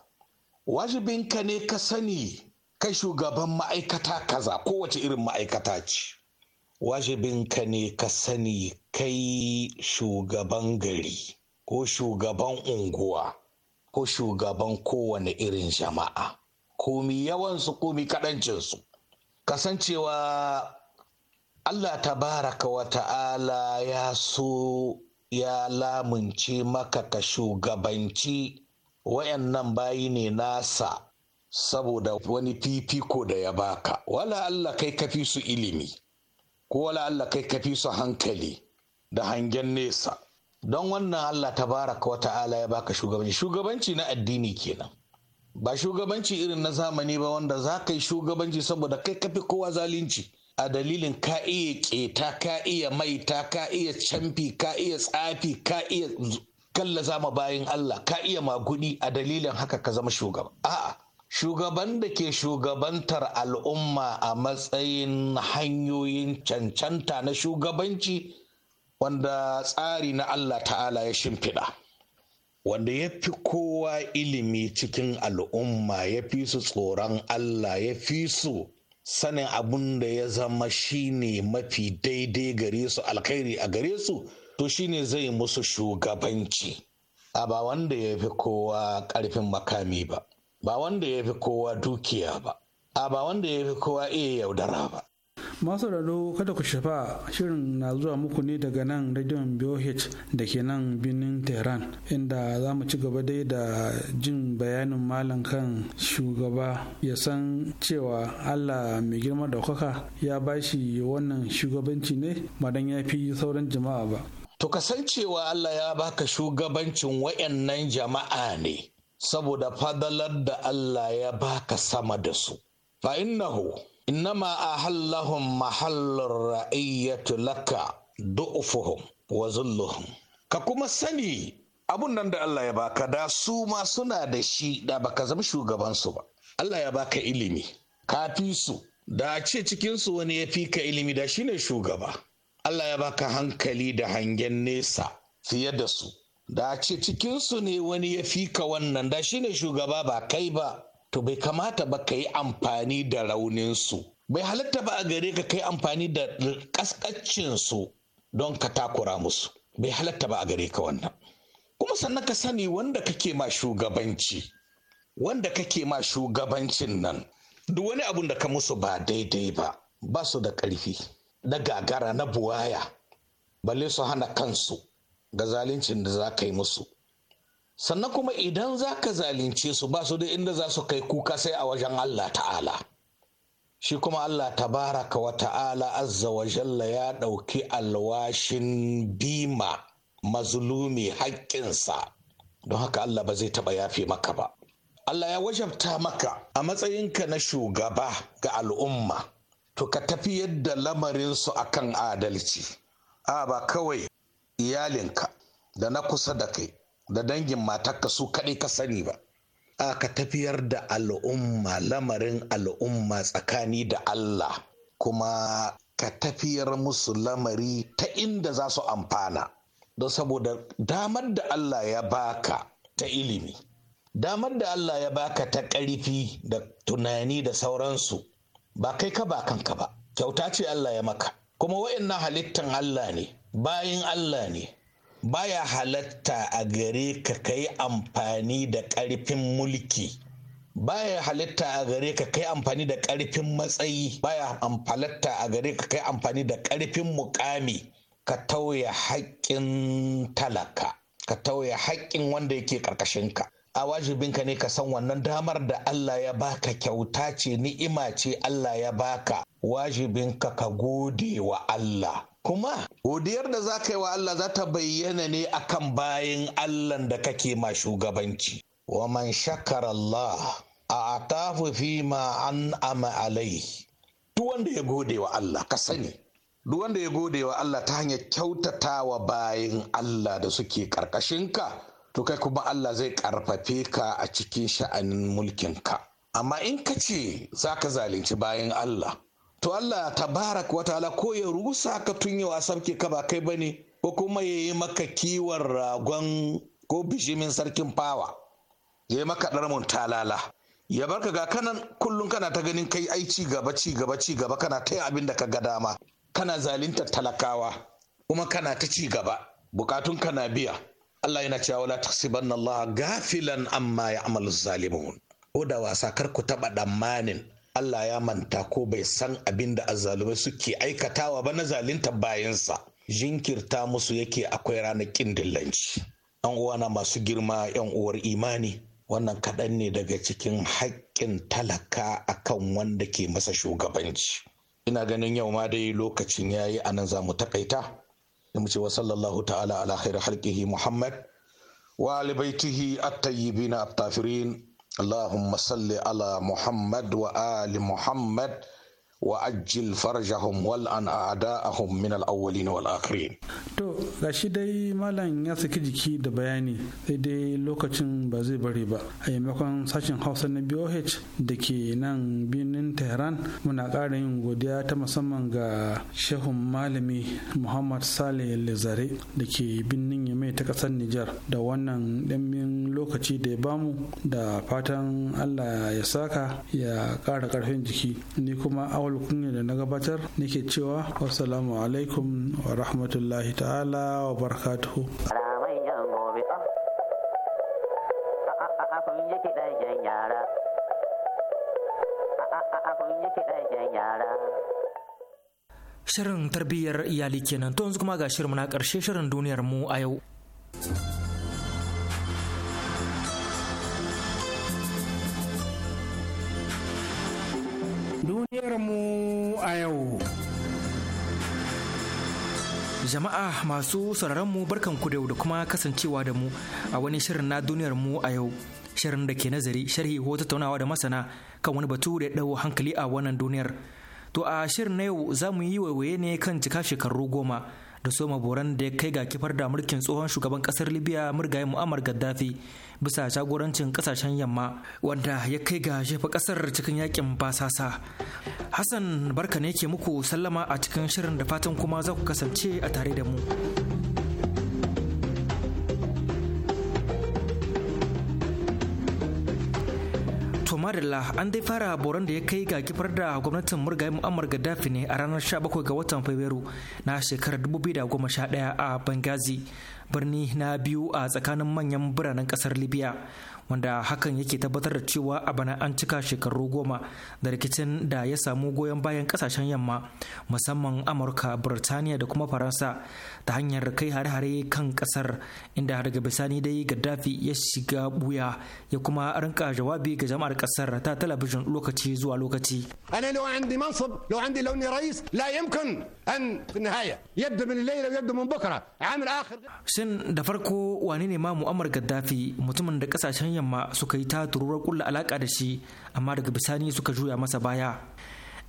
wajibinka ne ka sani kai shugaban ma'aikata kaza kowace irin ma'aikata ce wajibinka ne ka sani kai shugaban gari ko shugaban unguwa ko shugaban kowane irin jama'a komi yawansu komi kaɗancinsu kasancewa allah tabaraka wa ta'ala ya so ya lamunce maka ka shugabanci wayannan bayi ne nasa saboda wani fifiko da ya baka wala allah kai kafi su ilimi ko wala Allah kai ka fi su hankali da hangen nesa don wannan Allah ta baraka wata ta'ala ya baka shugabanci shugabanci na addini kenan ba shugabanci irin na zamani ba wanda za ka yi shugabanci saboda kai ka fi kowa zalunci a dalilin ka iya keta ka iya maita ka iya camfi ka iya tsafi ka iya kalla zama bayan Allah ka iya magudi a dalilin haka ka zama shugaba a'a shugaban da ke shugabantar al'umma a matsayin hanyoyin cancanta na shugabanci wanda tsari na Allah ta'ala ya shimfiɗa wanda ya fi kowa ilimi cikin al'umma ya fi su tsoron Allah ya fi su sanin abin da ya zama shine mafi daidai gare su alkhairi a gare su to shine zai musu shugabanci a ba wanda ya fi kowa ƙarfin makami ba ba wanda ya fi kowa dukiya ba a ba wanda ya fi kowa iya yaudara ba masu raro kada ku shafa shirin na zuwa muku ne daga nan rediyon BOH da ke nan birnin tehran inda za mu ci gaba dai da jin bayanin malam kan shugaba ya san cewa allah mai girma daukaka ya bashi wannan shugabanci ne madan ya fi sauran jama'a ba to kasancewa allah ya baka shugabancin wayannan jama'a ne saboda fadalar da Allah ya baka sama da su fa innahu innama hallahun mahallar ra'ayyatu laka du'ufuhum wa zulluhum ka kuma sani abun nan da Allah ya baka da su ma suna da shi da baka zama shugabansu ba Allah ya baka ilimi ka fi su da ce cikinsu wani ya fi ka ilimi da shi ne shugaba Allah ya baka hankali da hangen nesa fiye da su da a ce cikinsu ne wani ya fika wannan da shi ne shugaba ba kai ba to bai kamata ba ka yi amfani da rauninsu bai halitta ba a gare ka kai amfani da kaskacinsu don ka takura musu bai halitta ba a gare ka wannan kuma sannan ka sani wanda kake ma shugabanci wanda kake ma shugabancin nan duk wani abun da ka musu ba daidai ba ba su da ƙarfi na gagara na buwaya balle su hana kansu ga zaluncin da za ka yi musu sannan kuma idan za ka zalunce su ba su da inda za su kai kuka sai a wajen Allah ta'ala shi kuma Allah tabaraka wa ta'ala azza wa jalla ya ɗauki alwashin bima mazlumi haƙƙinsa don haka Allah ba zai taɓa yafe maka ba Allah ya wajabta maka a matsayinka na shugaba ga al'umma to ka tafi yadda lamarinsu akan adalci a ba kawai iyalinka da na kusa da kai da dangin matarka su kaɗai ka sani ba a ka tafiyar da al'umma lamarin al'umma tsakani da Allah kuma ka tafiyar musu lamari ta inda za su amfana don saboda damar da Allah ya baka ta ilimi damar da Allah ya baka ta ƙarfi da tunani da sauransu ba kai ka ba kanka ba kyauta ce Allah ya maka kuma waɗannan halittan Allah ne bayan Allah ne baya halatta a gare ka kai amfani da ƙarfin mulki baya halatta a gare ka kai amfani da ƙarfin matsayi baya halatta a gare ka kai amfani da ƙarfin mukami ka tauye haƙƙin talaka ka tauye haƙƙin wanda yake ƙarƙashinka a wajibinka ne ka san wannan damar da Allah ya baka kyauta ce ni'ima ce Allah ya baka wajibinka ka gode wa Allah kuma godiyar da za ka yi wa Allah za ta bayyana ne a kan bayan Allah da kake ma shugabanci wa man shakar Allah a atafu fi ma an ama alai duk wanda ya gode wa Allah ka sani duk wanda ya gode wa Allah ta hanyar kyautata wa bayan Allah da suke karkashinka to kai kuma Allah zai karfafe ka a cikin sha'anin mulkinka amma in ka ce za ka zalunci bayan Allah to Allah tabarak wa ta'ala ko ya rusa ka tun yau ke ka ba kai bane ko kuma ya yi maka kiwon ragon ko bishimin sarkin fawa ya yi maka ɗarmun talala ya barka ga kanan kullum kana ta ganin kai ai ci gaba ci gaba ci gaba kana ta yi abin da ka ga dama kana zalintar talakawa kuma kana ta ci gaba bukatun kana biya Allah yana cewa la tahsibanna Allah gafilan amma ya'malu zalimun ko da wasa kar ku taba damanin Allah ya manta ko bai san abin da azzalumai suke aikatawa ba na zalunta bayansa jinkirta musu yake akwai ranar ƙin dillanci yan uwana masu girma yan uwar imani wannan kaɗan ne daga cikin haƙƙin talaka a kan wanda ke masa shugabanci ina ganin yau ma dai lokacin ya yi anan za mu taƙaita mu ce wa sallallahu ta'ala ala khair muhammad wa alibaitihi baitihi at-tayyibin اللهم صل على محمد وآل محمد وعجل فرجهم والان اعداءهم من الاولين والاخرين to gashi dai malam ya saki jiki da bayani sai dai lokacin ba zai bari ba a maimakon sashen hausa na boh da ke nan birnin tehran muna ƙara yin godiya ta musamman ga shehun malami muhammad saleh lezare da ke birnin yamai ta ƙasar nijar da wannan ɗanbin lokaci da ya bamu da fatan allah ya saka ya ƙara ƙarfin jiki ni kuma awal kunya da na gabatar nake cewa wassalamu alaikum wa rahmatullahi ta'ala wa barakatuhu Shirin tarbiyyar iyali kenan to yanzu kuma ga shirin na karshe shirin duniyar mu a yau. Duniyarmu a yau. Jama'a masu sauraronmu barkanku da yau da kuma kasancewa da mu a wani shirin na duniyarmu a yau. Shirin da ke nazari sharhi ko tattaunawa da masana kan wani batu da ya ɗau hankali a wannan duniyar. To a shirin na yau za mu yi waiwaye ne kan cika shekaru goma da soma boran da ya kai ga kifar da mulkin tsohon shugaban kasar libya murgaye mu'ammar gaddafi bisa jagorancin kasashen yamma wanda ya kai ga jefa kasar cikin yakin basasa hassan barka ne ke muku sallama a cikin shirin da fatan kuma za ku kasance a tare da mu madalla an dai fara boron da ya kai ga kifar da gwamnatin murgayen mu'ammar gaddafi ne a ranar 17 ga watan fabrairu na shekarar 2011 a benghazi birni na biyu a tsakanin manyan biranen kasar libya wanda hakan yake tabbatar da cewa a bana an cika shekaru goma da rikicin da ya samu goyon bayan kasashen yamma musamman amurka birtaniya da kuma faransa ta hanyar kai hare-hare kan kasar inda daga bisani dai gaddafi ya shiga buya ya kuma rinka jawabi ga jama'ar kasar ta talabijin lokaci zuwa lokaci shin da farko wane ne ma mu'ammar gaddafi mutumin da ƙasashen yamma suka yi ta tururar kulla alaka da shi amma daga bisani suka juya masa baya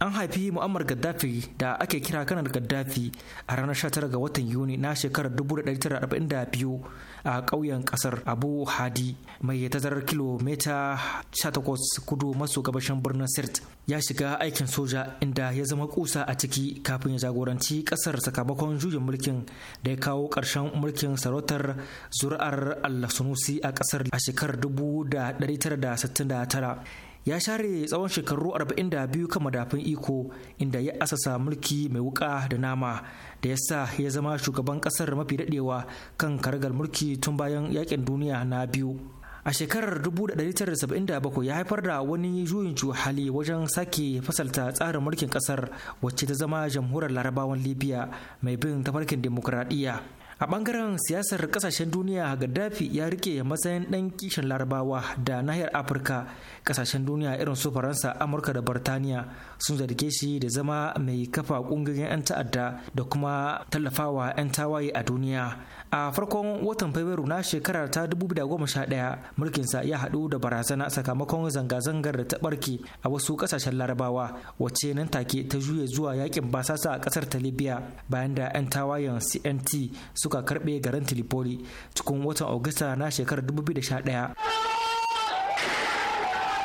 an haifi mu'ammar gaddafi da ake kira kanar gaddafi a ranar 19 ga watan yuni na shekarar 1942 a ƙauyen ƙasar abu hadi mai tazarar kilomita 18 kudu maso gabashin birnin sirt ya shiga aikin soja inda ya zama kusa a ciki kafin ya jagoranci ƙasar sakamakon juyin mulkin da ya kawo ƙarshen mulkin sarautar zuri'ar al-sunusi a ƙasar a shekarar 1969 ya share tsawon shekaru 42 kan madafin iko inda ya asasa mulki mai wuka da nama da ya sa ya zama shugaban kasar mafi daɗewa kan karagar mulki tun bayan yakin duniya na biyu a shekarar 1977 ya haifar da wani juyin hali wajen sake fasalta tsarin mulkin kasar wacce ta zama jamhuriyar larabawan libya mai bin tafarkin demokuraɗiyya a bangaren siyasar kasashen duniya gaddafi ya rike matsayin ɗan kishin larabawa da nahiyar afirka kasashen duniya irin su faransa amurka da birtaniya sun zarge shi da zama mai kafa ƙungiyoyin 'yan ta'adda da kuma tallafawa 'yan tawaye a duniya a farkon watan fabrairu na shekarar ta 2011 mulkinsa ya hadu da barazana sakamakon zanga-zangar da ta ɓarke a wasu kasashen larabawa wacce nan take ta juya zuwa yakin basasa a kasar ta libya bayan da 'yan tawayen cnt suka karbe garin tripoli cikin watan augusta na shekarar 2011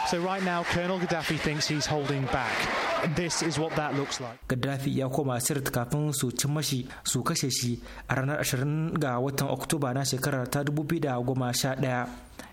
So right now, Colonel Gaddafi thinks he's holding back. And this is what that looks like. Gaddafi ya koma Sirt kafin su cin mashi su kashe shi a ranar 20 ga watan Oktoba na shekarar ta 2011.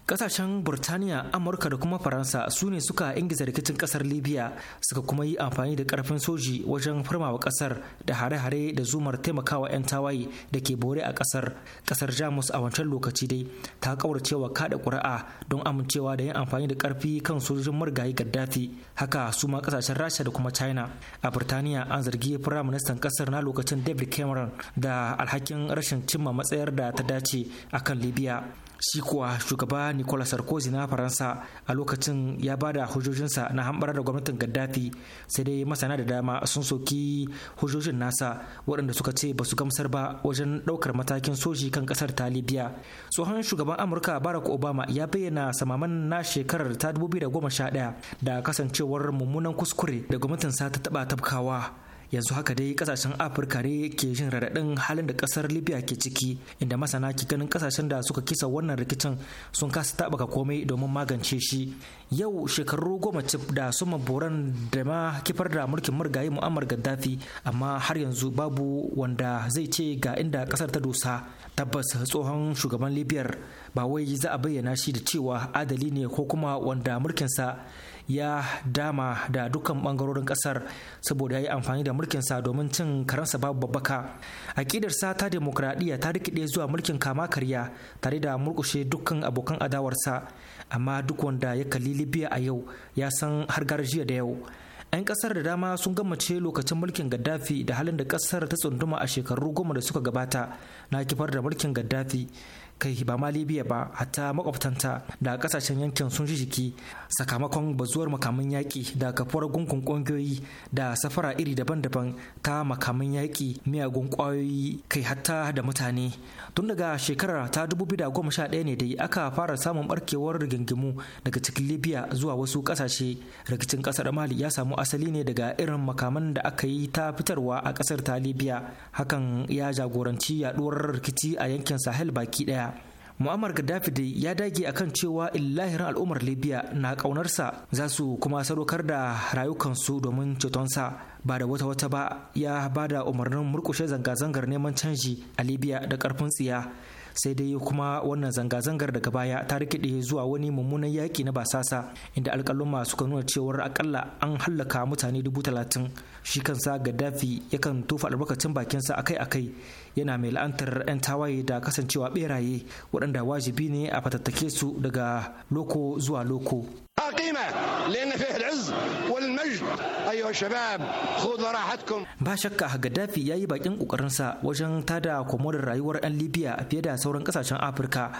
kasashen burtaniya amurka da kuma faransa su ne suka ingiza rikicin kasar libya suka kuma yi amfani da karfin soji wajen farmawa kasar da hare-hare da zumar taimakawa 'yan tawaye da ke bore a kasar kasar jamus a wancan lokaci dai ta kauracewa kada kuri'a don amincewa da yin amfani da karfi kan sojojin marigayi gaddafi haka su ma kasashen rasha da kuma china a burtaniya an zargi firaministan kasar na lokacin david cameron da alhakin rashin cimma matsayar da ta dace akan libya shi kuwa shugaba nicolas sarkozy na faransa a lokacin ya ba da hujjojinsa na hambara da gwamnatin gaddafi sai dai masana da dama sun soki hujjojin nasa waɗanda suka ce ba su gamsar ba wajen ɗaukar matakin soji kan ƙasar ta libya tsohon shugaban amurka barack obama ya bayyana samaman na shekarar ta 2011 da kasancewar mummunan kuskure da gwamnatin sa ta taɓa tabkawa yanzu haka dai kasashen afirka ne ke jin raɗaɗin halin da kasar libya ke ciki inda masana ke ganin kasashen da suka kisa wannan rikicin sun kasa taɓaka komai domin magance shi yau shekaru goma cif da suma boran da ma kifar da mulkin murgaye mu'ammar gaddafi amma har yanzu babu wanda zai ce ga inda kasar ta dosa tabbas tsohon shugaban libyar ba wai za a bayyana shi da cewa adali ne ko kuma wanda mulkinsa ya dama da dukkan bangarorin kasar saboda ya yi amfani da mulkin sa domin cin karansa babu babbaka sa ta demokradiyya ta rikide zuwa mulkin kama karya tare da murkushe dukkan abokan adawarsa amma duk wanda ya kalli libya a yau ya san har garajiya da yau 'yan kasar da dama sun gammace lokacin mulkin gaddafi da halin da kasar ta tsunduma a shekaru goma da suka gabata na kifar da mulkin gaddafi kai ba ma libya ba hatta makwabtanta da kasashen yankin sun ji sakamakon bazuwar makaman yaƙi da kafuwar gungun ƙungiyoyi da safara iri daban-daban ta makaman yaƙi miyagun ƙwayoyi kai hatta da mutane tun daga shekarar ta sha ɗaya ne dai aka fara samun ɓarkewar rigingimu daga cikin libya zuwa wasu ƙasashe rikicin ƙasar mali ya samu asali ne daga irin makaman da aka yi ta fitarwa a ƙasar ta libya hakan ya jagoranci yaɗuwar rikici a yankin sahel baki ɗaya mu'ammar gaddafi dai ya dage a kan cewa illahirin al'ummar libya na kaunarsa za su kuma sadaukar da rayukansu domin cetonsa ba da wata wata ba ya ba da umarnin murkushe zanga-zangar neman canji a libya da karfin tsiya sai dai kuma wannan zanga-zangar daga baya ta rikide zuwa wani mummunan yaƙi na basasa inda alƙaluma suka nuna cewar akalla an hallaka mutane dubu talatin shi kansa gaddafi yakan tofa albarkacin bakinsa akai-akai yana mai la'antar 'yan tawaye da kasancewa beraye waɗanda wajibi ne a fatattake su daga loko zuwa loko ba shakka gaddafi ya yi bakin kokarinsa wajen tada komodar rayuwar 'yan libya fiye da sauran kasashen afirka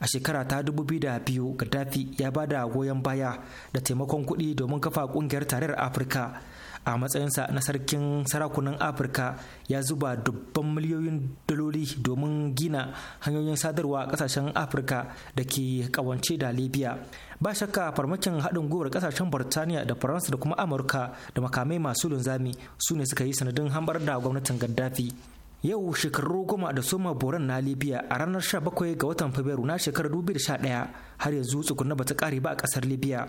a shekara ta 2002 gaddafi ya bada goyon baya da taimakon kuɗi domin kafa kungiyar tarayyar afirka a matsayinsa na sarkin sarakunan afirka ya zuba dubban miliyoyin daloli domin gina hanyoyin sadarwa a kasashen afirka da ke kawance da libya ba shakka farmakin haɗin gwiwar kasashen burtaniya da faransa da kuma amurka da makamai masu linzami su ne suka yi sanadin hambar da gwamnatin gaddafi yau shekaru goma da soma boran na libya a ranar 17 ga watan fabrairu na shekarar 2011 har yanzu ba ta kare ba a kasar libya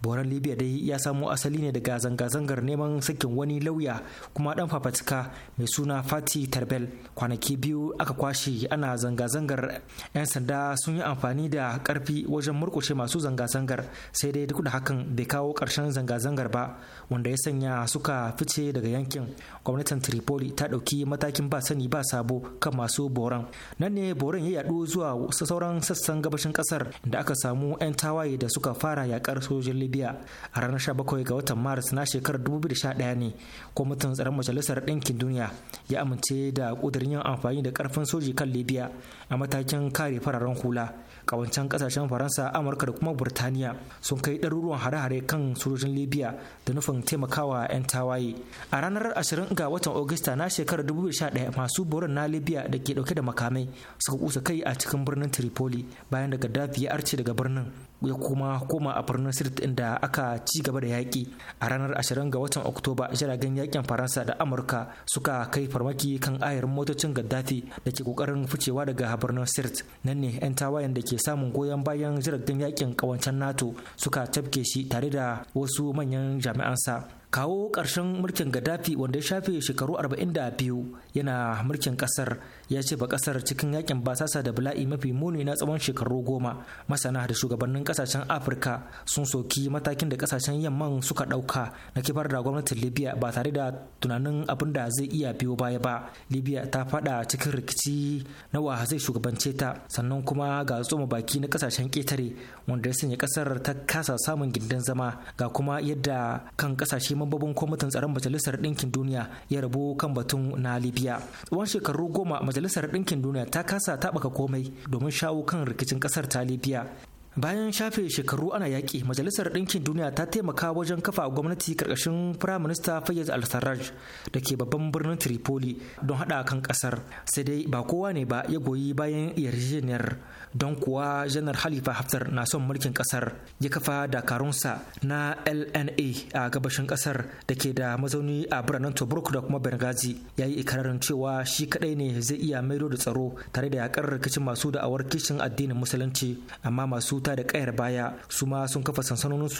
boran libya dai ya samo asali ne daga zanga-zangar neman sakin wani lauya kuma dan fafatika mai suna fati tarbel kwanaki biyu aka kwashe ana zanga-zangar 'yan sanda sun yi amfani da karfi wajen murkushe masu zanga-zangar sai dai duk da hakan bai kawo karshen zanga-zangar ba wanda ya sanya suka fice daga yankin gwamnatin tripoli ta ɗauki matakin ba sani ba sabo kan masu boran nan ne boran ya yaɗu zuwa sauran sassan gabashin ƙasar da aka samu 'yan tawaye da suka fara yakar sojin libya a ranar 17 ga watan maris na shekarar 2011 ne kwamitin tsaron majalisar ɗinkin duniya ya amince da ƙudurin yin amfani da ƙarfin soji kan libya a matakin kare fararen hula kawancan kasashen faransa amurka da kuma burtaniya sun kai ɗaruruwan hare-hare kan sojojin libya da nufin taimakawa 'yan tawaye a ranar 20 ga watan augusta na shekarar 2011 masu borin na libya da ke dauke da makamai suka kusa kai a cikin birnin tripoli bayan da gaddafi ya arce daga birnin ya kuma koma a birnin sirt inda aka ci gaba da yaƙi a ranar 20 ga watan oktoba jiragen yaƙin faransa da amurka suka kai farmaki kan ayarin motocin gaddafi da ke kokarin ficewa daga birnin sirt nan ne 'yan tawayen da ke samun goyon bayan jiragen yakin kawancen nato suka tafke shi tare da wasu manyan jami'ansa kawo ƙarshen mulkin gaddafi wanda ya shafe shekaru 42 yana mulkin ƙasar ya ce ba ƙasar cikin yakin basasa da bala'i mafi muni na tsawon shekaru goma masana da shugabannin ƙasashen afirka sun soki matakin da ƙasashen yamman suka ɗauka na kifar da gwamnatin libya ba tare da tunanin abin da zai iya biyo baya ba libya ta faɗa cikin rikici na wa zai shugabance ta sannan kuma ga tsoma baki na ƙasashen ƙetare wanda ya sanya ƙasar ta kasa samun gindin zama ga kuma yadda kan ƙasashe mambobin kwamitin tsaron majalisar ɗinkin duniya ya rabu kan batun na libya tsawon shekaru goma majalisar ɗinkin duniya ta kasa taɓaka komai domin shawo kan rikicin ƙasar ta libya bayan shafe shekaru ana yaƙi majalisar ɗinkin duniya ta taimaka wajen kafa gwamnati karkashin firaminista fayyaz al-sarraj da ke babban birnin tripoli don haɗa kan ƙasar sai dai ba kowa ne ba ya goyi bayan yarjejeniyar don kuwa janar halifa haftar na son mulkin ƙasar ya kafa dakarunsa na lna a gabashin ƙasar da ke da mazauni a biranen tobruk da kuma benghazi ya yi ikirarin cewa shi kaɗai ne zai iya maido da tsaro tare da yaƙar rikicin masu da'awar kishin addinin musulunci amma masu wuta da kayar baya su ma sun kafa su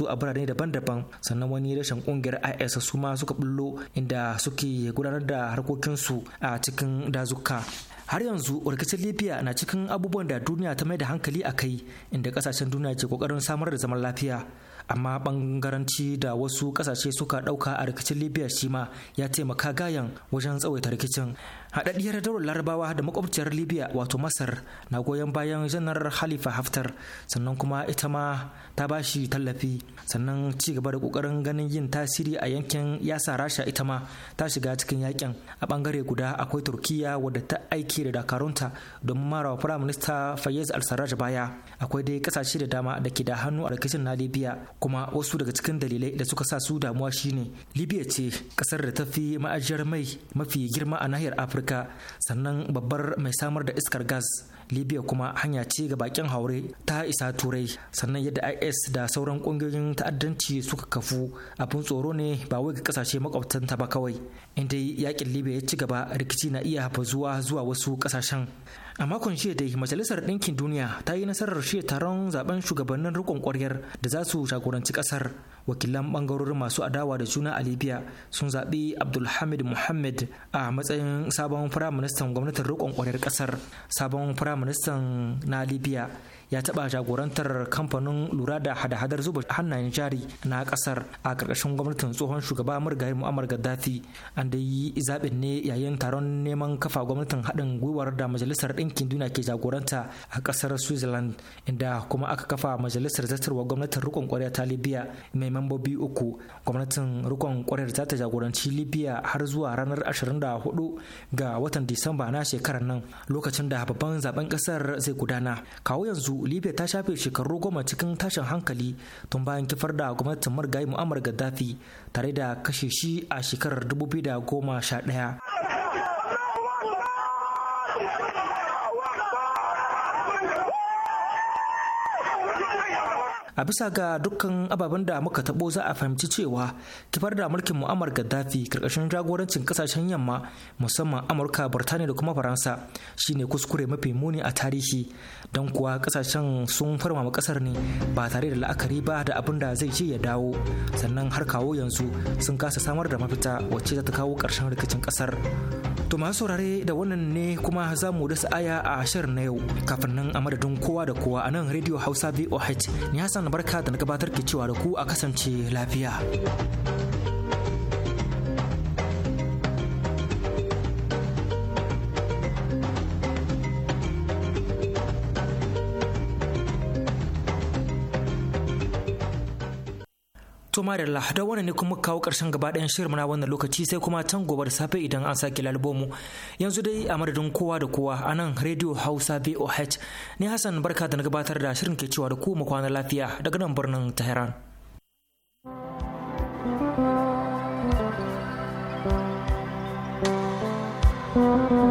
a birane daban-daban sannan wani rashin kungiyar is su ma suka bullo inda suke gudanar da harkokin su a cikin dazuka har yanzu rikicin libya na cikin abubuwan da duniya ta mai da hankali a kai inda kasashen duniya ke kokarin samar da zaman lafiya amma bangaranci da wasu kasashe suka dauka a rikicin libya shi ma ya taimaka gayan wajen tsawaita rikicin haɗaɗɗiyar daular larabawa da makwabciyar libya wato masar na goyon bayan janar halifa haftar sannan kuma ita ma ta ba shi tallafi sannan ci gaba da ƙoƙarin ganin yin tasiri a yankin yasa rasha ita ma ta shiga cikin yakin a bangare guda akwai turkiya wadda ta aiki da dakarunta domin marawa firayim minista fayyaz al-sarraj baya akwai dai kasashe da dama da ke da hannu a rikicin na libya kuma wasu daga cikin dalilai da suka sa su damuwa shine libya ce ƙasar da ta fi ma'ajiyar mai mafi girma a nahiyar afirka afirka sannan babbar mai samar da iskar gas libya kuma hanya ce ga bakin haure ta isa turai sannan yadda is da sauran kungiyoyin ta'addanci suka kafu abin tsoro ne ba wai ga kasashe makwabtanta ba kawai inda yakin libya ya ci gaba rikici na iya hafa zuwa zuwa wasu kasashen a makon shiya dai majalisar ɗinkin duniya ta yi nasarar shirya taron zaben shugabannin riƙon kwaryar da za su jagoranci ƙasar wakilan bangarorin masu adawa da juna a libya sun zaɓi abdulhamid muhammad a matsayin sabon firaministan gwamnatin riƙon kwaryar ƙasar sabon firaministan na libya ya taɓa jagorantar kamfanin lura da hada-hadar zuba hannayen jari na ƙasar a karkashin gwamnatin tsohon shugaba murgari mu'ammar gaddafi an da yi zaɓin ne yayin taron neman kafa gwamnatin haɗin gwiwar da majalisar ɗinkin duniya ke jagoranta a ƙasar switzerland inda kuma aka kafa majalisar zartarwa gwamnatin rikon ƙwarya ta libya mai mambobi uku gwamnatin rikon ƙwaryar za ta jagoranci libya har zuwa ranar 24 ga watan disamba na shekarar nan lokacin da babban zaben ƙasar zai gudana kawo yanzu libya ta shafe shekaru goma cikin tashin hankali tun bayan kifar da gwamnatin marigayi mu'ammar gaddafi tare da kashe shi a shekarar 2011 a bisa ga dukkan ababen da muka tabo za a fahimci cewa kifar da mulkin mu'ammar gaddafi karkashin jagorancin kasashen yamma musamman amurka burtaniya da kuma faransa shine kuskure mafi muni a tarihi don kuwa kasashen sun farmama kasar ne ba tare da la'akari ba da abin da zai ce ya dawo sannan har kawo yanzu sun kasa samar da mafita wacce za ta kawo karshen rikicin kasar to masu saurare da wannan ne kuma za mu da aya a shirin na yau kafin nan a madadin kowa da kowa a nan radio hausa voh ni hasan barka da na gabatar ke cewa da ku a kasance lafiya. madalla da wannan ne kuma kawo karshen gaba ɗayan shirin na wannan lokaci sai kuma can gobe da safe idan an sake lalbomu yanzu dai a madadin kowa da kowa a nan radio hausa voh ni hassan barka da na gabatar da shirin ke cewa da ku mu kwana lafiya daga nan birnin tehran thank you